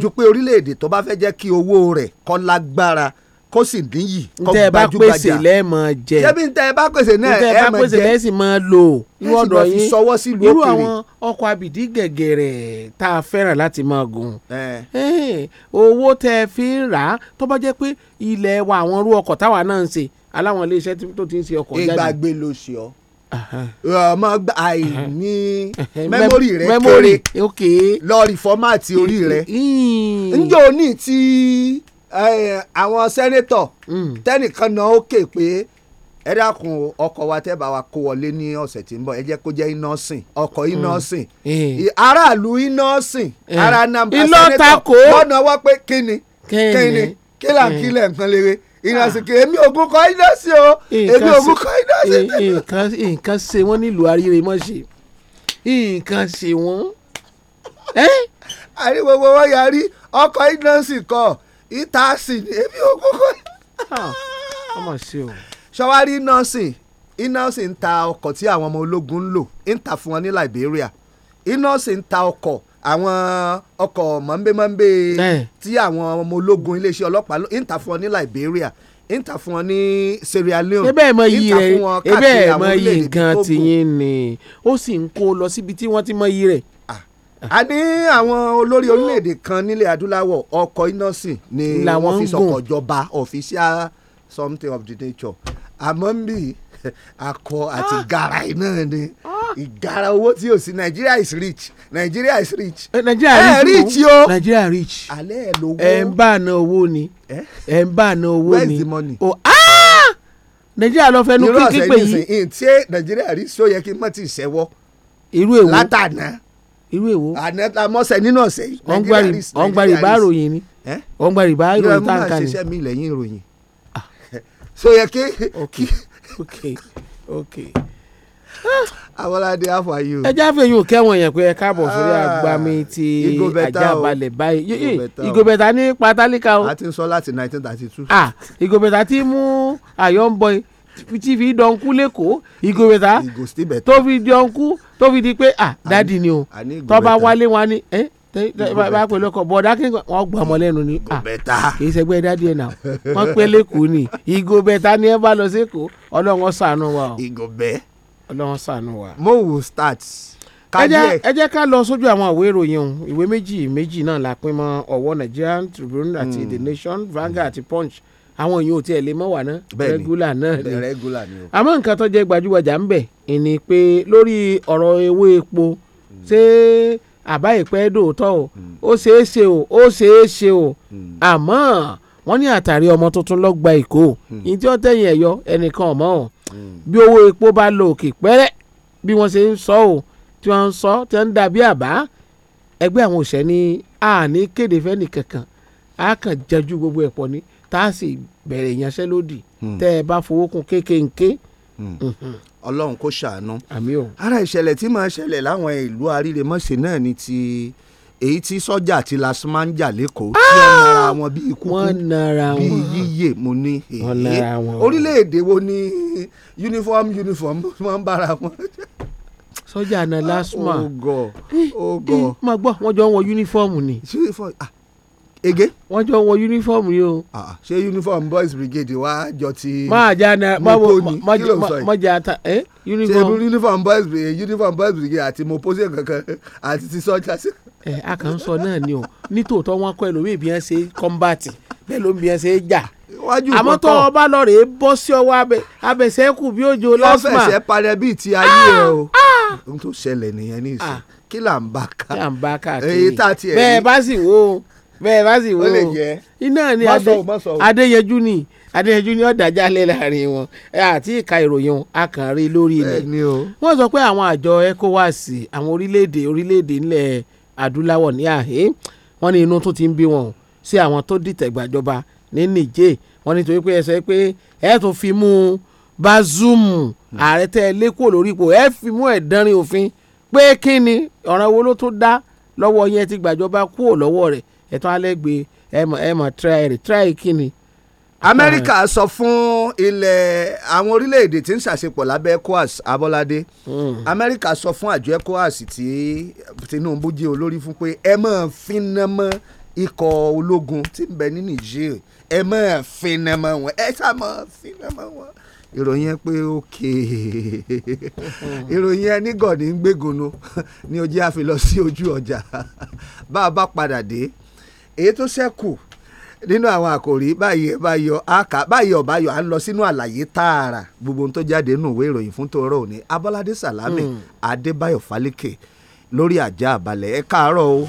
ju pé orílẹ̀-èdè tó bá fẹ́ jẹ́ kí owó rẹ̀ kó lágbára kó sì níyì kó gbajúgbajà. ntẹ bá pèsè lẹ́ẹ̀mọ jẹ ṣebí ntẹ bá pèsè náà ẹ mọ jẹ ntẹ bá pèsè lẹ́sìn mọ lò ìwọ́dọ̀ yín irú àwọn ọkọ̀ àbìdí gẹ̀gẹ̀rẹ̀ tá a fẹ́ràn láti máa gùn. owó tẹ fi ń rà á tó bá jẹ́ pé ilẹ̀ wa àwọn irú ọkọ̀ táwa náà ń ṣe aláwọn iléeṣẹ́ tó ti ń ṣe ọkọ̀ jáde. ìgbàgbé ló ṣe ọ ọmọ àìní mẹ́mórì rẹ kéré lọ́ọ̀rì fọ́máàtì orí rẹ ǹjọ́ ní ti. Eh, àwọn sẹ́nẹ́tọ̀ hmm. tẹ́nìkan náà ó kè pé ẹ dákun ọkọ̀ wa tẹ́ bá wa kó wọlé ní ọ̀sẹ̀ tí ń bọ̀ ẹ jẹ́ kó jẹ́ iná sìn ọkọ̀ hmm. iná sìn eh. aráàlú iná sìn eh. ara nàmbà sẹ́nẹ́tọ̀ wọ́n náwó pé kíni kíni kílà kílẹ̀ nǹkan lére ìrìnàsìkè ah. èmi ògùn kọ́ iná sí o èmi ògùn kọ́ iná sí. nǹkan ṣe wọ́n nílùú àríire mọ́ ṣe nǹkan ṣe wọ́n. àríwọ̀ wọ́n yarí ọkọ̀ iná sì kọ́ ìtaàsì ni èmi ò kókó. ọmọ ah, ṣe o. ṣọwárí nọ́ọ̀sìn inọ́ọ̀sì ń ta ọkọ̀ tí àwọn ọmọ ológun ń lò ń ta fún wọn ní Liberia inọ́ọ̀sì ń ta ọkọ̀ àwọn ọkọ̀ mọ̀nbẹ́mọ̀nbẹ́ eh. tí àwọn ọmọ ológun iléeṣẹ́ ọlọ́pàá ń ta fún wọn ní Liberia ń ta fún wọn ní Sierra Leone ebe ẹ̀ mọ iye rẹ̀ ebe ẹ̀ mọ iye nǹkan tìyín ni ó sì ń kó lọ síbi tí wọ́n ti mọ iye rẹ̀ a ní àwọn olórí orílẹ̀-èdè kan nílẹ̀ adúláwọ̀ ọkọ̀ iná sìn ni wọ́n fi sọkọ̀ jọba official something of the nature àmọ́ ń bì akọ àti ah! gara iná ni ah! ìgara owó tí yóò sí Nigeria is rich Nigeria is rich. Eh, Nigeria eh, rich o Nigeria rich. alẹ́ ẹ̀ lówó. ẹ̀ ń bá àna owó ni eh? ẹ̀ ń bá àna owó ni. where is the money. o aa ah! Nigeria lọ fẹnu kíkí pé yìí. irú ọ̀sẹ̀ yìí sìn tí Nigeria rí sí ó yẹ kí n mọ̀ ti ṣẹ́wọ́. irú èwo látàná irú èwo. àmọ́sẹ̀ nínú ọ̀sẹ̀ yìí. wọ́n gba rìbá ròyìn ni wọ́n gba rìbá ròyìn tá n kan ni. ìrọ̀lẹ́ mú àṣìṣe mi ròyìn. Ah. [laughs] so yẹ kí. ok ok ok. Ah, Awolade how are you. ẹ jáfe yóò kẹ́wọ̀n yẹn pé ẹ káàbọ̀ sórí ah, agbami ti àjàbalẹ̀ báyìí ìgòbẹ̀ta ní pátákà o. a ti sọ láti nineteen thirty two. ah ìgòbẹ̀ta ti mú àyọ̀ ń bọ̀ yìí [laughs] tí fi dọ̀nkú lẹ́kọ̀ọ́ ìgò bẹ̀tà tó fi dọ̀nkú tó fi di pé ah dáàdi ni o tọ́ba wálé wa ni ẹ́ bá pẹ̀lú ọkọ̀ bọ̀dá kí wọ́n gbọ́ ọmọ lẹ́nu ni kì í ṣẹgbẹ́ dáàdi ẹ̀ náà wọ́n pẹ́ lẹ́kọ̀ọ́ ni ìgò bẹ̀tà ni ẹ bá lọ sẹ́kọ̀ọ́ ọlọ́run ṣàánú wa o ìgò bẹ́ ọlọ́run ṣàánú wa. mo wò start ẹ jẹ́ ká lọ sójú àwọn ìwé ìròyìn ọ̀hún ìwé méjì méjì náà la pín mọ́ ọwọ́ Nigerian Tribune àti hmm. The Nation Vanguard àti Punch àwọn èèyàn ò tiẹ̀ lè mọ̀ wà ná regular náà ni regular ni o. àmọ́ nǹkan tó jẹ́ gbajúgbajà ń bẹ̀ ni pé lórí ọ̀rọ̀ ewé epo hmm. ṣé àbá ìpẹ́ dòótọ́ o hmm. ó ṣeé ṣe o ó ṣeé ṣe o hmm. àmọ́ wọ́n ní àtàrí ọmọ tuntun ló gba ìkó yìí tí wọ́n tẹ̀yìn ẹ̀yọ ẹnìkan ọ̀mọ́ o bí owó epo bá lọ òkè pẹ́rẹ́ bí wọ́n ṣe ń sọ o tí wọ́n ń sọ tí wọ́n ń dàbí àbá ẹgbẹ́ àwọn òṣẹ́ ní àní kéde fẹ́ni kankan a kàn jẹ́jú gbogbo ẹ̀pọ̀ ni tá a sì bẹ̀rẹ̀ ìyanṣẹ́lódì hmm. tẹ́ ẹ bá fowó kún kékèké. Hmm. Mhm. ọlọ́run kò ṣàánú. àmì o. ara ìṣẹ̀lẹ̀ tí máa ṣẹlẹ̀ láwọn ìlú aríremọ́sẹ̀ náà ni ti èyí tí sọ́jà àti lasma jà lẹ́kọ̀ọ́ tí ah! wọ́n wọn bíi kúkú bíi yíyè mo ní èyí eh, orílẹ̀-èdè wo ni uniform uniform máa ń bára wọn. sọ́jà náà lasma. ó gọ̀ ó gọ̀. má gbọ́ wọ́n jọ ń wọ yúnífọ́ọ̀mù ni. yúnífọ́ọ̀mù ah ege. wọ́n jọ wọ yunifọ́ọ̀mù yìí o. Ah, ah, ṣé yunifọ́ọ̀mù boys brigade wa jọ ti. máa já na mọ́pò ni kí ló ń sọ yunifọ́ọ̀mù. ṣe yunifọ́ọ̀mù boys brigade yunifọ́ọ̀mù boys brigade àti moposé kankan àti ti sọ́jà sí. ẹ a kàn ń sọ náà ni o nítòótọ́ wọn kọ́ ẹlòmíì bí wọ́n ṣe kọ́mbàtì bẹ́ẹ̀ ló ń bí wọ́n ṣe jà wájú ìkọ̀tọ̀ àmọ́ tó o bá lọ rèé bọ́ sí ọwọ́ abẹ̀sẹ̀kù bí òjò lásìmà. yóò fẹsẹ̀ parẹ́ bíi ti ayé ah, ẹ o n tó ṣẹlẹ̀ bá sì wo bẹ́ẹ̀ bá sì wò ó iná ni adéyẹjú ni adéyẹjú ni ọ̀dájà lẹ̀ láàrin wọn àti ìka ìròyìn wọn a kàn rí lórí ilẹ̀ wọ́n sọ pé àwọn àjọ ECOWAS àwọn orílẹ̀-èdè orílẹ̀-èdè ńlẹ̀ adúláwọ̀ ní àhẹ́ wọ́n ní inú tó ti ń bí wọn sí àwọn tó dìtẹ̀ gbàjọba ní Niger wọ́n ní torí pé ẹ sọ pé ẹ tó fi mú Bazoum ààrẹ tẹ́ ẹ lé kúrò lórí ipò ẹ fi mú ẹ̀ òfin pé kí ọ̀ràn wo ló tó dá lọ́wọ́ yẹn ti gbàjọba kúrò lọ́wọ́ rẹ̀ ẹ tún alẹ́ gbé ẹ mọ̀ try rẹ̀ try kí ni. amẹ́ríkà sọ fún ilẹ̀ àwọn orílẹ̀-èdè tí ń ṣàṣepọ̀ lábẹ́ ecowas abọ́ládé hmm. amẹ́ríkà sọ fún àjọ ecowas tí tinubu jẹ́ olórí fún pé ẹ máa fínná mọ́ ikọ̀ ológun tí ń bẹ ní niger ẹ máa fínná mọ́ wọn ẹ sá máa fínná mọ́ wọn ìròyìn ẹ pé ókè hmm. ìròyìn ẹ ní gọ̀ọ́nì ń ni ojú àfi lọ sí ojú ọjà bá a bá padà dé èyí tó ṣẹ́kù nínú àwọn àkòrí báyìí báyọ àkà báyìí ọ̀báyọ à ń lọ sínú àlàyé tààrà gbogbo ohun tó jáde nínú ìwé ìròyìn fún tòró òní abọ́ládé sàlámì hmm. adébáyọ̀ fálékè lórí àjà àbálẹ̀ ẹ káàárọ̀ o.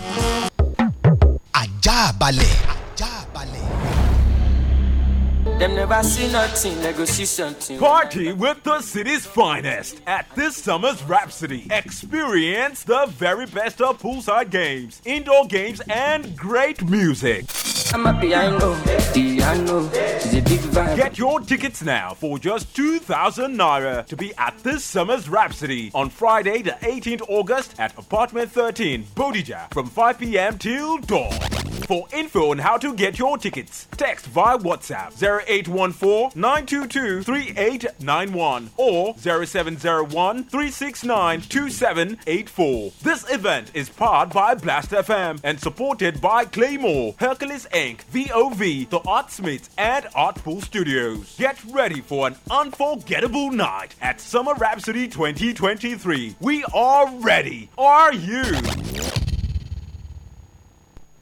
àjà àbálẹ̀. Them never see nothing, they go see something. Party with the city's finest at this summer's Rhapsody. Experience the very best of poolside games, indoor games, and great music. I'm a piano, piano, a big vibe. Get your tickets now for just 2,000 naira to be at this summer's Rhapsody on Friday, the 18th August at Apartment 13, Bodija, from 5 pm till dawn. For info on how to get your tickets, text via WhatsApp 08 0814-922-3891 or 0701-369-2784. This event is powered by Blast FM and supported by Claymore, Hercules Inc., VOV, The Artsmiths, and Artpool Studios. Get ready for an unforgettable night at Summer Rhapsody 2023. We are ready. Are you?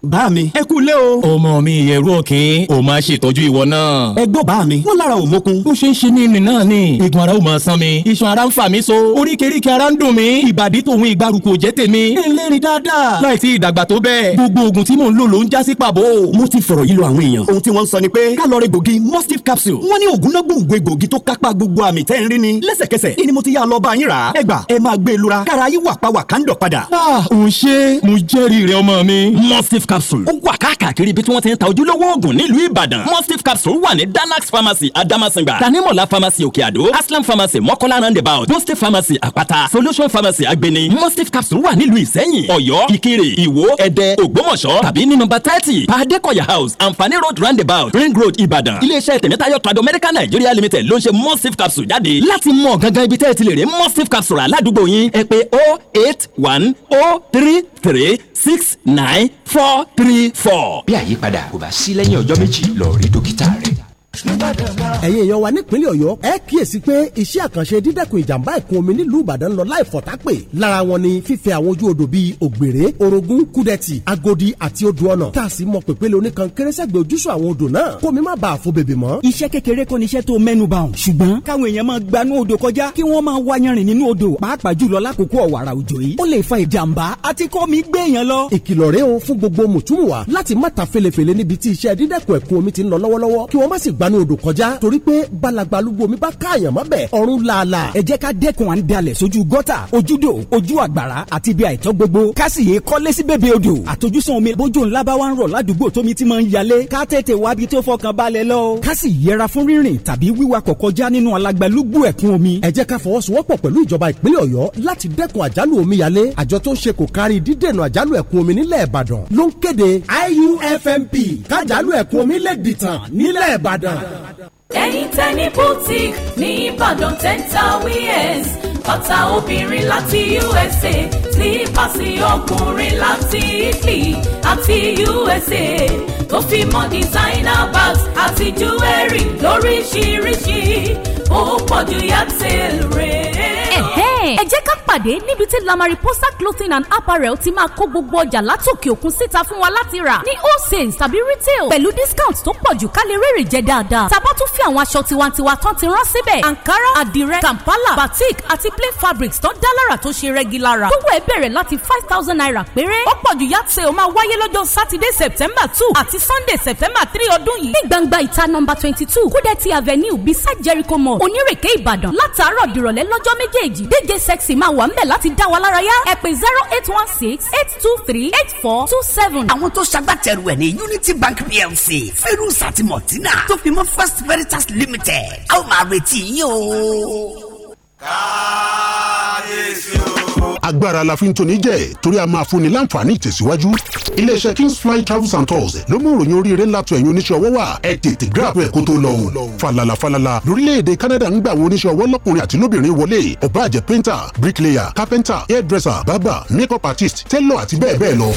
bá mi. ẹ kú lé o. ọmọ mi ìyẹ̀rú òkè o máa ṣètọ́jú ìwọ náà. ẹ gbọ́ bá mi. wọ́n lára ò ó ṣe ń ṣe ní ìrìn náà ni. igun ara ò máa san mi. iṣan ara ń fà mí so. oríkèéríkèé ara ń dùn mí. ìbàdí tòun ìgbàrúkọ jẹ́ tèmi. ẹ ń lérin dáadáa. láìsí ìdàgbà tó bẹ́ẹ̀. gbogbo oògùn tí mò ń lò ló ń já sí pàbó. mo ti fọ̀rọ̀ yí lọ àwọn èèyàn. ohun tí wọ́n ń sọ ni pé kálọ̀rì capsule. wọ́n ní oògùn náà gbòǹgbò egbòogi tó kápá ni. lẹ́sẹ̀kẹsẹ̀ ni mo ti yá lọ bá e lura. kára yín wà pa ah òun ṣe mo jẹ́rìí capsule ó wà káàkiri ibi tí wọ́n ti ń ta ojúlówó oògùn nílùú ìbàdàn mustif capsule wà ní danax pharmacy adamasingba tanimola pharmacy òkè àdó aslam pharmacy mọ́kọ́lá roundabout mustif pharmacy àpáta solution pharmacy agbeni mustif capsule wà nílùú ìsẹ́yìn ọ̀yọ́ ìkirè ìwó ẹ̀dẹ́ ògbómọ̀ṣọ́ tàbí ní nọ́mbà thirty pàdékọ̀yà house anfani road roundabout ring road ìbàdàn iléeṣẹ́ tèmítáyọ̀ trado medical nigeria limited ló ń ṣe mustif capsule jáde láti mọ̀ gangan ibi tẹ́ ẹ ti lè rí mustif capsule aládùúgbò yín ẹ pè oh eight one oh three three six nine four four three four. bí àyípadà kò bá sí lẹ́yìn ọjọ́ méjì lọ rí dókítà ẹ̀yin èèyàn wa nípínlẹ̀ ọ̀yọ́ ẹ kíyèsí pé iṣẹ́ àkànṣe dídẹ́kun ìjàmbá ìkún omi nílùú ìbàdàn lọ láì fọ̀tápè lára wọn ni fífẹ́ àwọn ojú odò bíi ògbèrè orogún kúdẹ̀tì agodi àti odò ọ̀nà tá a sì mọ pèpele oníkan kérésẹ́gbẹ̀ ojúṣọ àwọn odò náà kó mi má bàa fo bèbè mọ́. iṣẹ́ kékeré kọ́ ni iṣẹ́ tó mẹ́nu bà ọ́n ṣùgbọ́n káwọn èèyàn máa gbanú odò kọjá kí wọ́n máa wáyanrìn nínú odò pàápàá jùlọ lákòókò ọ̀wàrà òjò yìí ó lè fa ìjàmbá àti kọ́ mi gbé má gb gbanú odò kọjá torí pé balagba lúgbó omi bá káàyàn mọ́ bẹ̀ ọ̀run làálà. ẹ jẹ́ ká dẹ́kun à ń dalẹ̀ sójú gọ́tà ojúdò ojú àgbàrá àti ibi àìtọ́ gbogbo kásìyè kọ́lé sí bèbè odò àtojúsùn omi bójú ńlá bá wà ń rọ̀ ládùúgbò tómi ti máa ń yalé ká tètè wábi tó fọkàn balẹ̀ lọ. kásì yẹra fún rírìn tàbí wíwakọ̀ kọjá nínú alagbalúgbú ẹ̀kún omi. ẹ jẹ́ ká fọwọ́sowọ́pọ̀ pẹ̀lú ìjọba ìpínlẹ̀ ọ̀yọ́ láti dẹ́kun IUFMP kájálù ẹ̀kún omi lè dìtàn nílẹ̀ ẹ̀yin tẹ́ ní boutique ní ìbàdàn tẹ́ńtà wíẹ̀s bàtà obìnrin láti usa sípàsì ọkùnrin láti italy àti usa tó fi mọ́ designer bags àti jewelry lóríṣiríṣi ó pọ̀ ju yàtẹ̀ rẹ̀. ẹ̀. ẹ jẹ́ ká pàdé níbi tí Lamariposa clothing and apparel ti máa kó gbogbo ọjà látòkè òkun síta fún wa láti rà ní wholesale tàbí retail pẹ̀lú discount tó pọ̀ jù ká lè rèrè jẹ dáadáa. tá bá tún fi àwọn aṣọ tiwantiwa tán ti rán síbẹ̀ Ankara Adire, Kampala batik àti plain fabrics tán dá lára tó ṣe rẹ́gi lára. gbogbo ẹ̀ bẹ̀rẹ̀ láti five thousand naira péré. ó pọ̀ jù yàtse ó máa wáyé lọ́jọ́ Saturday September two àti Sunday September three ọdún yìí. ní gbangba ìta nọmba twenty two Kúdẹ́tì avenue beside Jericho mall Onírèké Ìbàdàn látàárọ̀ dìrọ̀lẹ́ lọ́jọ́ méjèèjì déje sexy máa wà ńbẹ̀ láti dá wa lárayá ẹ pè zero eight one six eight two three eight four two seven. àwọn tó ṣagbátẹrù ẹ̀ ní unity bank plc ferus àti mortina tó fi mọ́ first veritas limited a ó máa retí yín o kábíyèsí o. agbára la fi ń toni jẹ́ torí a máa fúnni láǹfààní ìtẹ̀síwájú iléeṣẹ́ kingsfly travels and tours ló mú ìròyìn oríire látọ̀ ẹ̀yin oníṣẹ́ ọwọ́ wá ẹ tètè gíràpù ẹ̀ kó tó lọ o. falala falala lórílẹ̀‐èdè Canada ń gba àwọn oníṣẹ́ ọwọ́ lọ́kùnrin àti lóbìnrin wọlé ọba àjẹ́ painter bricklayer carpenter hairdresser barber makeup artist tailor àti bẹ́ẹ̀ bẹ́ẹ̀ lọ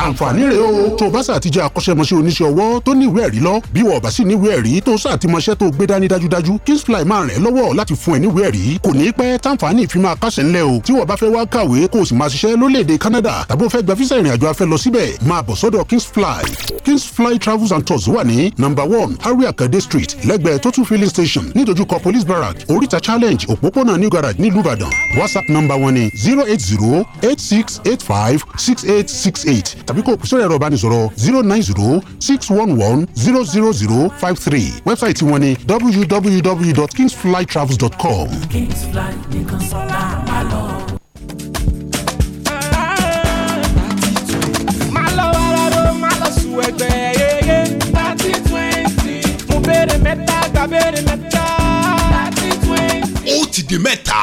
àǹfààní rẹ̀ o tó o bá sà ti jẹ́ akọ́ṣẹ́mọṣẹ́ oníṣẹ́ ọwọ́ tó ní ìwé ẹ̀rí lọ bí wọ́n bá sì ní ìwé ẹ̀rí tó sà ti mọṣẹ́ tó gbé dání dájúdájú Kingsfly máa ràn ẹ́ lọ́wọ́ láti fún ẹ ní ìwé ẹ̀rí kò ní pẹ́ táǹfààní ìfi máa kásẹ̀ ńlẹ̀ o tí wọ́n bá fẹ́ wá kàwé kó o sì máa ṣiṣẹ́ lólèdè Canada tàbí o fẹ́ gba físà ìrìn àjò afẹ́ lọ síbẹ̀ máa bọ̀ sọ́dọ̀ Kingsfly Kingsfly travels and tours wà ní number one Harry Akande street lẹ́gbẹ̀ẹ́ total filling station nídojúkọ police barrack oríta challenge òpópónà new garage nílùú Ìbàdàn WhatsApp number one ni zero eight zero eight six eight five six eight six eight tàbí kó sórí ẹ̀rọ ìbánisọ̀rọ̀ zero nine zero six one one zero zero zero five three wẹ́bsáìtì wọn ni www.kingsflytravels.com. ó ti di mẹ́ta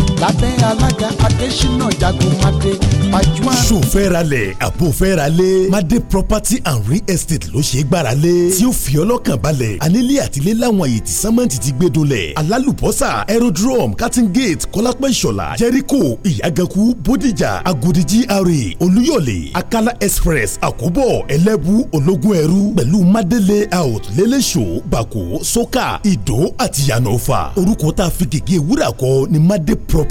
lábẹ́ alága adésínà jagun máde pajúwa. sofẹ́ralẹ̀ àbúfẹ́ralẹ̀ máde property and real estate ló ṣe é gbára lé tí ó fi ọlọ́kàn balẹ̀ anílé àtìlé láwọn àyè tí sámẹ́ǹtì ti gbé dolẹ̀ alálùbọ́sà aerodrome cutting gate kọ́lápẹ́ ìṣọ̀lá jẹ́ríkò ìyàgànkù bódìjà agodi gra olúyọ̀lé akala express àkóbọ̀ ẹlẹ́bù ológun ẹrú pẹ̀lú máde layout lẹ́lẹ́ṣọ́ bàkó sọ́kà ìdó àti yànnọ́fà orúkọ tá a fi ni máde property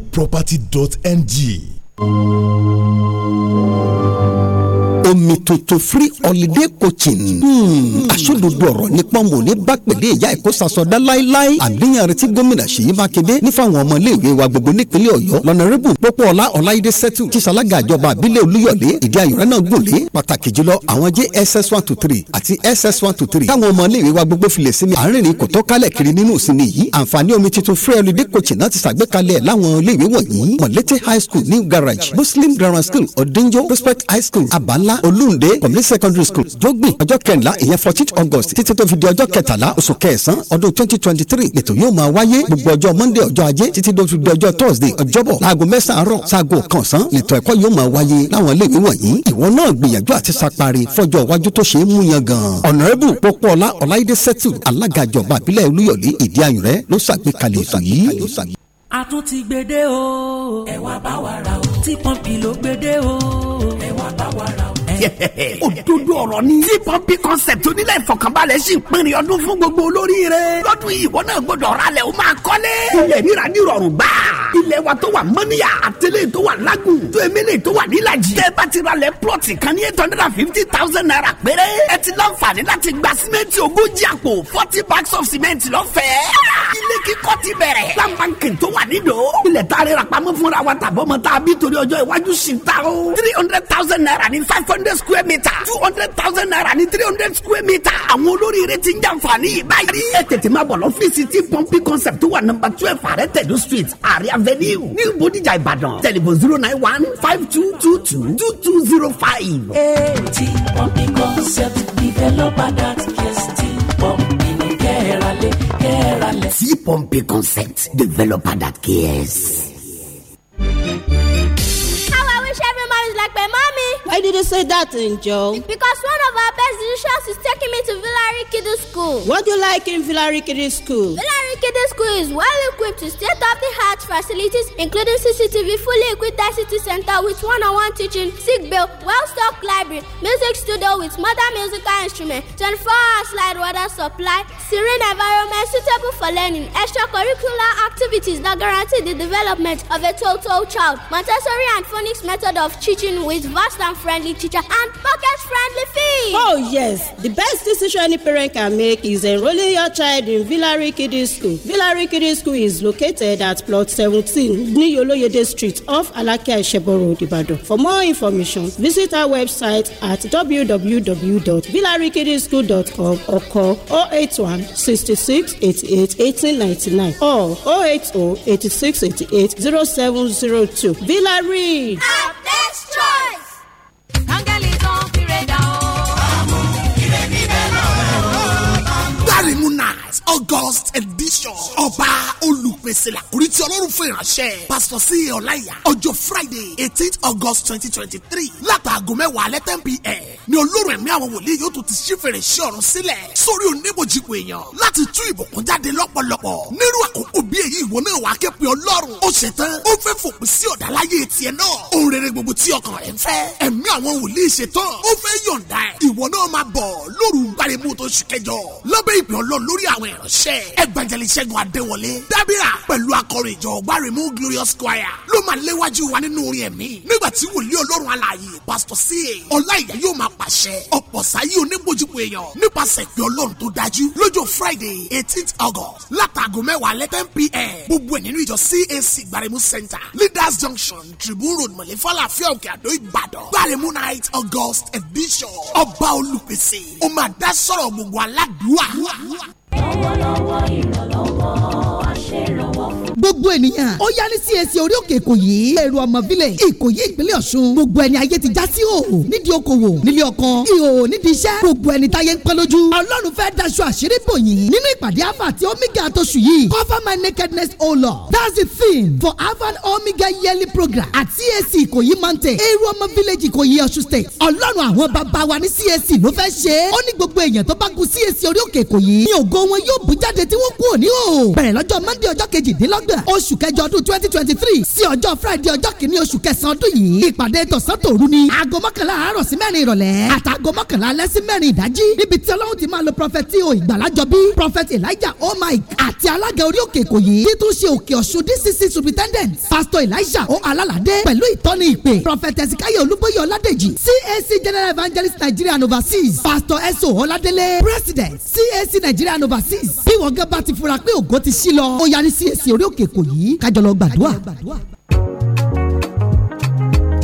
property.ng omi tuntun free holiday coaching. Hmm. aṣọ́dodo ọ̀rọ̀ nípa wọn ò ní bá pèlè ìyá ẹ̀kọ́ sasọ̀dá láéláé. àníyàn retí gómìnà Ṣèyí Mákindé ní fáwọn ọmọ iléèwé wa gbogbo nípínlẹ̀ Ọ̀yọ́. lọ́nàrẹ́bù Pópóọlá Ọláyídé Sẹ́tù ti ṣalága àjọba àbílẹ̀ Olúyọ̀lé ìdí ayọ̀rẹ́ náà gùnlé. pàtàkì jùlọ àwọn JSS one to three àti SS one to three. táwọn ọmọ iléèwé wa gbogbo filẹ̀ sí ni àárín kò tọ́ kálẹ̀ kiri nínú ìsinmi yìí. àǹfààní omi tuntun free holiday coaching náà ti ṣàgbékalẹ̀ láwọn iléèwé wọ̀nyí. High School ní gar ranch muslim grammar school odinjo prospect high school abanla olunde community secondary school jogbin ọjọ́ kẹrìnlá ìyẹn fourteen august títí tó fi di ọjọ́ kẹtàlá oṣù kẹsàn-án ọdún twenty twenty three ètò yóò máa wáyé gbogbo ọjọ́ monday ọjọ́ ajé títí tó fi di ọjọ́ thursday ọjọ́bọ̀ láago mẹ́sàn-án àárọ̀ sáago kànsán nìtọ́ ẹ̀kọ́ yóò máa wáyé láwọn iléèwé wọ̀nyí ìwọ náà gbìyànjú àti sapari fọjọ́ iwájú tó ṣe é mú yan gan. ọ̀nàrẹ́bù pópóọlá ọláìdé sẹ́tù alága ìjọba àbílẹ̀ olúyọ̀lé ìdí ayùnrẹ́ ló ṣàgbékalẹ̀ ètò yìí a tún ti gbede o. ẹ wá bá wa ra o. tí pọ́ǹpì ló gbede o. ẹ wá bá wa ra o yẹpẹyẹpẹ. [laughs] òdodo ọ̀rọ̀ ni. tí pọ́ńpì concept onílẹ̀ ìfọkànbalẹ̀ sì ń pinrin ọdún fún gbogbo olórí rẹ̀. lọ́dún yìí ìwọ náà gbọ́dọ̀ ra lẹ̀ o máa kọ́lé. ilẹ̀ ríra ní ìrọ̀rùn gbà. ilẹ̀ wa tó wà mọ́níyà àtẹlẹ́ tó wà lágùn tó emele tó wà nílàjì. tẹ́ bá ti ra lẹ̀ plọ̀tì kan ní eight hundred and fifty thousand naira péré. ẹ ti láǹfààní láti gba símẹ́ǹtì ogójì àpò forty bags of cement lọ́fẹ̀ẹ́. ilé kíkọ́ ti bẹ̀rẹ̀. láǹbàǹkì tó wà nídò. ilẹ̀ tá a rẹ̀ rà pamọ́ fúnra wa tàbọ̀ mọ́ tá a o. three hundred thousand naira five hundred hundred square meter two hundred thousand naira ní three hundred square meter àwọn olóríire ti ń jàǹfààní yìí báyìí. ẹ tètè máa bọ̀ lọ́fíìsì tí pọ́ńpì concept wà nọ́mbà twelve àrẹ tẹ̀lú street àrẹ avenue ní bodijà ìbàdàn tẹlifon zero nine one five two two two two two zero five. ti pọ́ńpì concept developer that cares ti pọ́ńpì ní kẹ́ẹ̀rẹ́lẹ̀ kẹ́ẹ̀rẹ́lẹ̀. ti pọ́ńpì concept developer that cares. Why did you say that, Angel? Because one of our best teachers is taking me to Villari Kiddie School. What do you like in Villari Kiddie School? Villari Kiddie School is well equipped with state-of-the-art facilities, including CCTV, fully equipped ICT center with one-on-one teaching, sick bill, well-stocked library, music studio with modern musical instruments, 24-hour slide water supply, serene environment suitable for learning, extracurricular activities that guarantee the development of a total child, Montessori and phonics method of teaching with vast and friendly teacher and pocket friendly fee. Oh, yes. The best decision any parent can make is enrolling your child in Villari Kiddie School. Villari Kiddie School is located at plot 17, Niyoloyede Street, off Alakia Ishebo Road, Ibadan. For more information, visit our website at www.villarikiddieschool.com or call 081 66 88 1899 or 080 86 88 0702. Villari! Our best choice! áńgẹ́lì tó ń kire dà o. àmú ire níbẹ̀ lọ́wọ́ o. gbàrímù night august edition ọba olùpèsè làkúrí tí ọlọ́run fún ìránṣẹ́ pásítọ̀ sí ọláìyá ọjọ́ friday eighteen august twenty twenty three látàgọ́ mẹ́wàá alẹ́ ten pm ni olórùn ẹ̀mí àwọn wòlíì yóò tún ti ṣí fèrèsé ọ̀run sílẹ̀ sórí oníbòjìpò èèyàn láti tú ìbùkún jáde lọ́pọ̀lọpọ̀ nírú àkókò eléyìí ìwọ náà wàá ké pe ọlọ́run ó ṣe tán ó fẹ́ fòpin sí ọ̀dà láyé tiẹ̀ náà ohun rere gbogbo tí ọkàn rẹ̀ ń fẹ́ ẹ̀mí àwọn wòlíì ṣe tán ó fẹ́ yọ̀ǹda ẹ̀ ìwọ náà máa bọ̀ lóru gbàremú tó ṣù kẹjọ lábẹ́ ìpè ọlọ́run lórí àwọn ìránṣẹ́ ẹgbàjẹlẹ ṣẹ́gun adéwọlé dábìrà pẹ̀lú akọrin ìjọ gbàremú glorious choir ló máa léwájú wa nínú orin ẹ̀mí nígbà tí wòlíì ọlọ́run alààyè pásítọ̀ sí i ọláìyá yóò máa pàṣẹ ọ̀pọ̀ sáyé onígbòjúpo èèyàn nípasẹ̀ ìpè ọlọ́run tó friday eighteenth august látàgọ́ mẹ́wàá lẹ́tẹ̀ ẹ̀. gbogbo ẹ̀ nínú ìjọ cac gbaremu center leaders junction tribune road mọ̀lẹ́fọ́lá fẹ́ òkè àdó ìbàdàn gbaremu night august edition ọba olùpèsè ó máa dá sọ̀rọ̀ gbogbo aládùúà. lọ́wọ́lọ́wọ́ ìrànlọ́wọ́ aṣèrànwọ́ fún gbogbo ènìyàn ó yá ní CAC e orí òkè ìkòyí èrò ọmọ village ìkòyí ìpínlẹ̀ ọ̀ṣun gbogbo ẹni ayé ti já sí òòhò nídìí okòwò nílé ọkàn ìhòòhò nídìí iṣẹ́ gbogbo ẹni táyé ń pẹ́ lójú ọlọ́run fẹ́ daṣọ àṣírí bò nínú ìpàdé afa àti omega àtọ̀sù yìí cover my nakedness o lord that's the theme for avan omega yearly program at CSC. E ìkòyí mountain èrò ọmọ village ìkòyí ọ̀ṣun state ọlọ́run àwọn bàbá wa ní CSC. E ló fẹ́ ṣe é ó ní gbogbo èèyàn tó bá gun CAC orí òkè ìkòyí ní ògo wọn yóò september oṣù kẹjọ ọdún twenty twenty three sí ọjọ́ friday ọjọ́ kìíní oṣù kẹsàn-án ọdún yìí ìpàdé tọ̀sán tòru ni aago mọ́kànlá àárọ̀ sí mẹ́rin ìrọ̀lẹ́ àtàgọ́ mọ́kànlá alẹ́ sí mẹ́rin ìdájí níbi tí ọlọ́run ti máa lo prọfẹtì o ìgbàlájọ bí prọfẹtì elijah oh my àti alága orí òkè èkó yìí títún ṣe òkè ọ̀ṣun dcc superintendent pastor elijah o alálàdé pẹ̀lú ìtọ́ni ìpè prọfẹtì ẹ̀sìkáyọ̀ olúbóyè ọládèjì cac general evangelist Nigerian overseas pastor eso ọládélé president cac nigeria and overseas bí wọ́n gẹ́gẹ́ bá ti fura pé ògo ti ṣí lọ ó yarí cac orí òkè òkè kò yí kájọ lọ gbàdúrà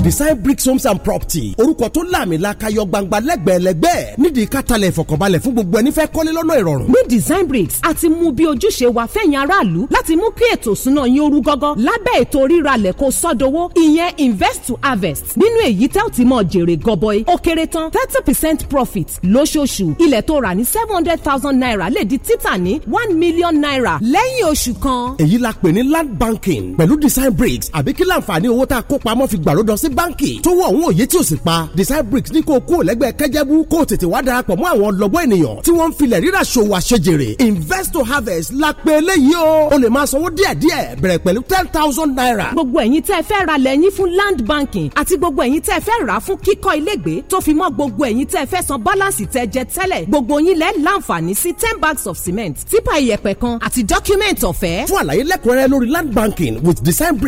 design bricks homes and property orúkọ tó láàmìlaka yọ gbangba lẹ́gbẹ̀ẹ́lẹ́gbẹ́ nídìí kátàlẹ̀ ìfọ̀kànbalẹ̀ fún gbogbo ẹni fẹ́ kọ́lé lọ́nà ìrọ̀rùn. ní design bricks a ti mú bí ojúṣe wa fẹ̀yìn aráàlú láti mú kí ètò ìsúná yín orú gọ́gọ́ lábẹ́ ètò ríralẹ̀ kó sọ́dọ̀wọ́ ìyẹn invest to harvest nínú èyí tẹ́ ò ti mọ jèrè gọbọi ó kéré tán thirty percent profit lóṣooṣù ilẹ̀ tó rà ní seven hundred thousand naira lè di títà ní one million naira lẹ́yìn oṣù kan. èyí la pè ní land banking pẹ̀lú design bricks àbí kí láǹfààní owó tá a kó pamọ́ fi gbàlódọ́ sí báǹkì tó wọ òun òye tí ò sì pa design bricks ní kó kúrò lẹ́gbẹ́ kẹ́jẹ́bú kó tètè wá darapọ̀ mọ́ àwọn lọ́gbọ́n ènìyàn tí wọ́n ń filẹ̀ rírà ṣòwò àṣejèrè invest to harvest la pé eléyìí o o lè máa sanwó díẹ̀díẹ̀ bẹ̀rẹ̀ pẹ̀lú ten thousand naira. gbogbo ẹ̀yin tẹ́ ẹ fẹ́ ra lẹ́yìn fún land banking àti gbogbo ẹ̀yin tẹ́ ẹ fẹ́ rà fún kíkọ́ ilégbèé tó fi mọ́ gbogbo ẹ̀yin tẹ́ ẹ fẹ́ san bọ́láǹsì tẹ́ jẹ tẹ́lẹ̀ gbogbo yín lẹ́ láǹfààní sí ten bags of cement tipa iyẹ̀pẹ̀ kan àti document ọ̀fẹ́. fún àlàyé lẹ́kùnrẹ́rẹ́ lórí land banking with design break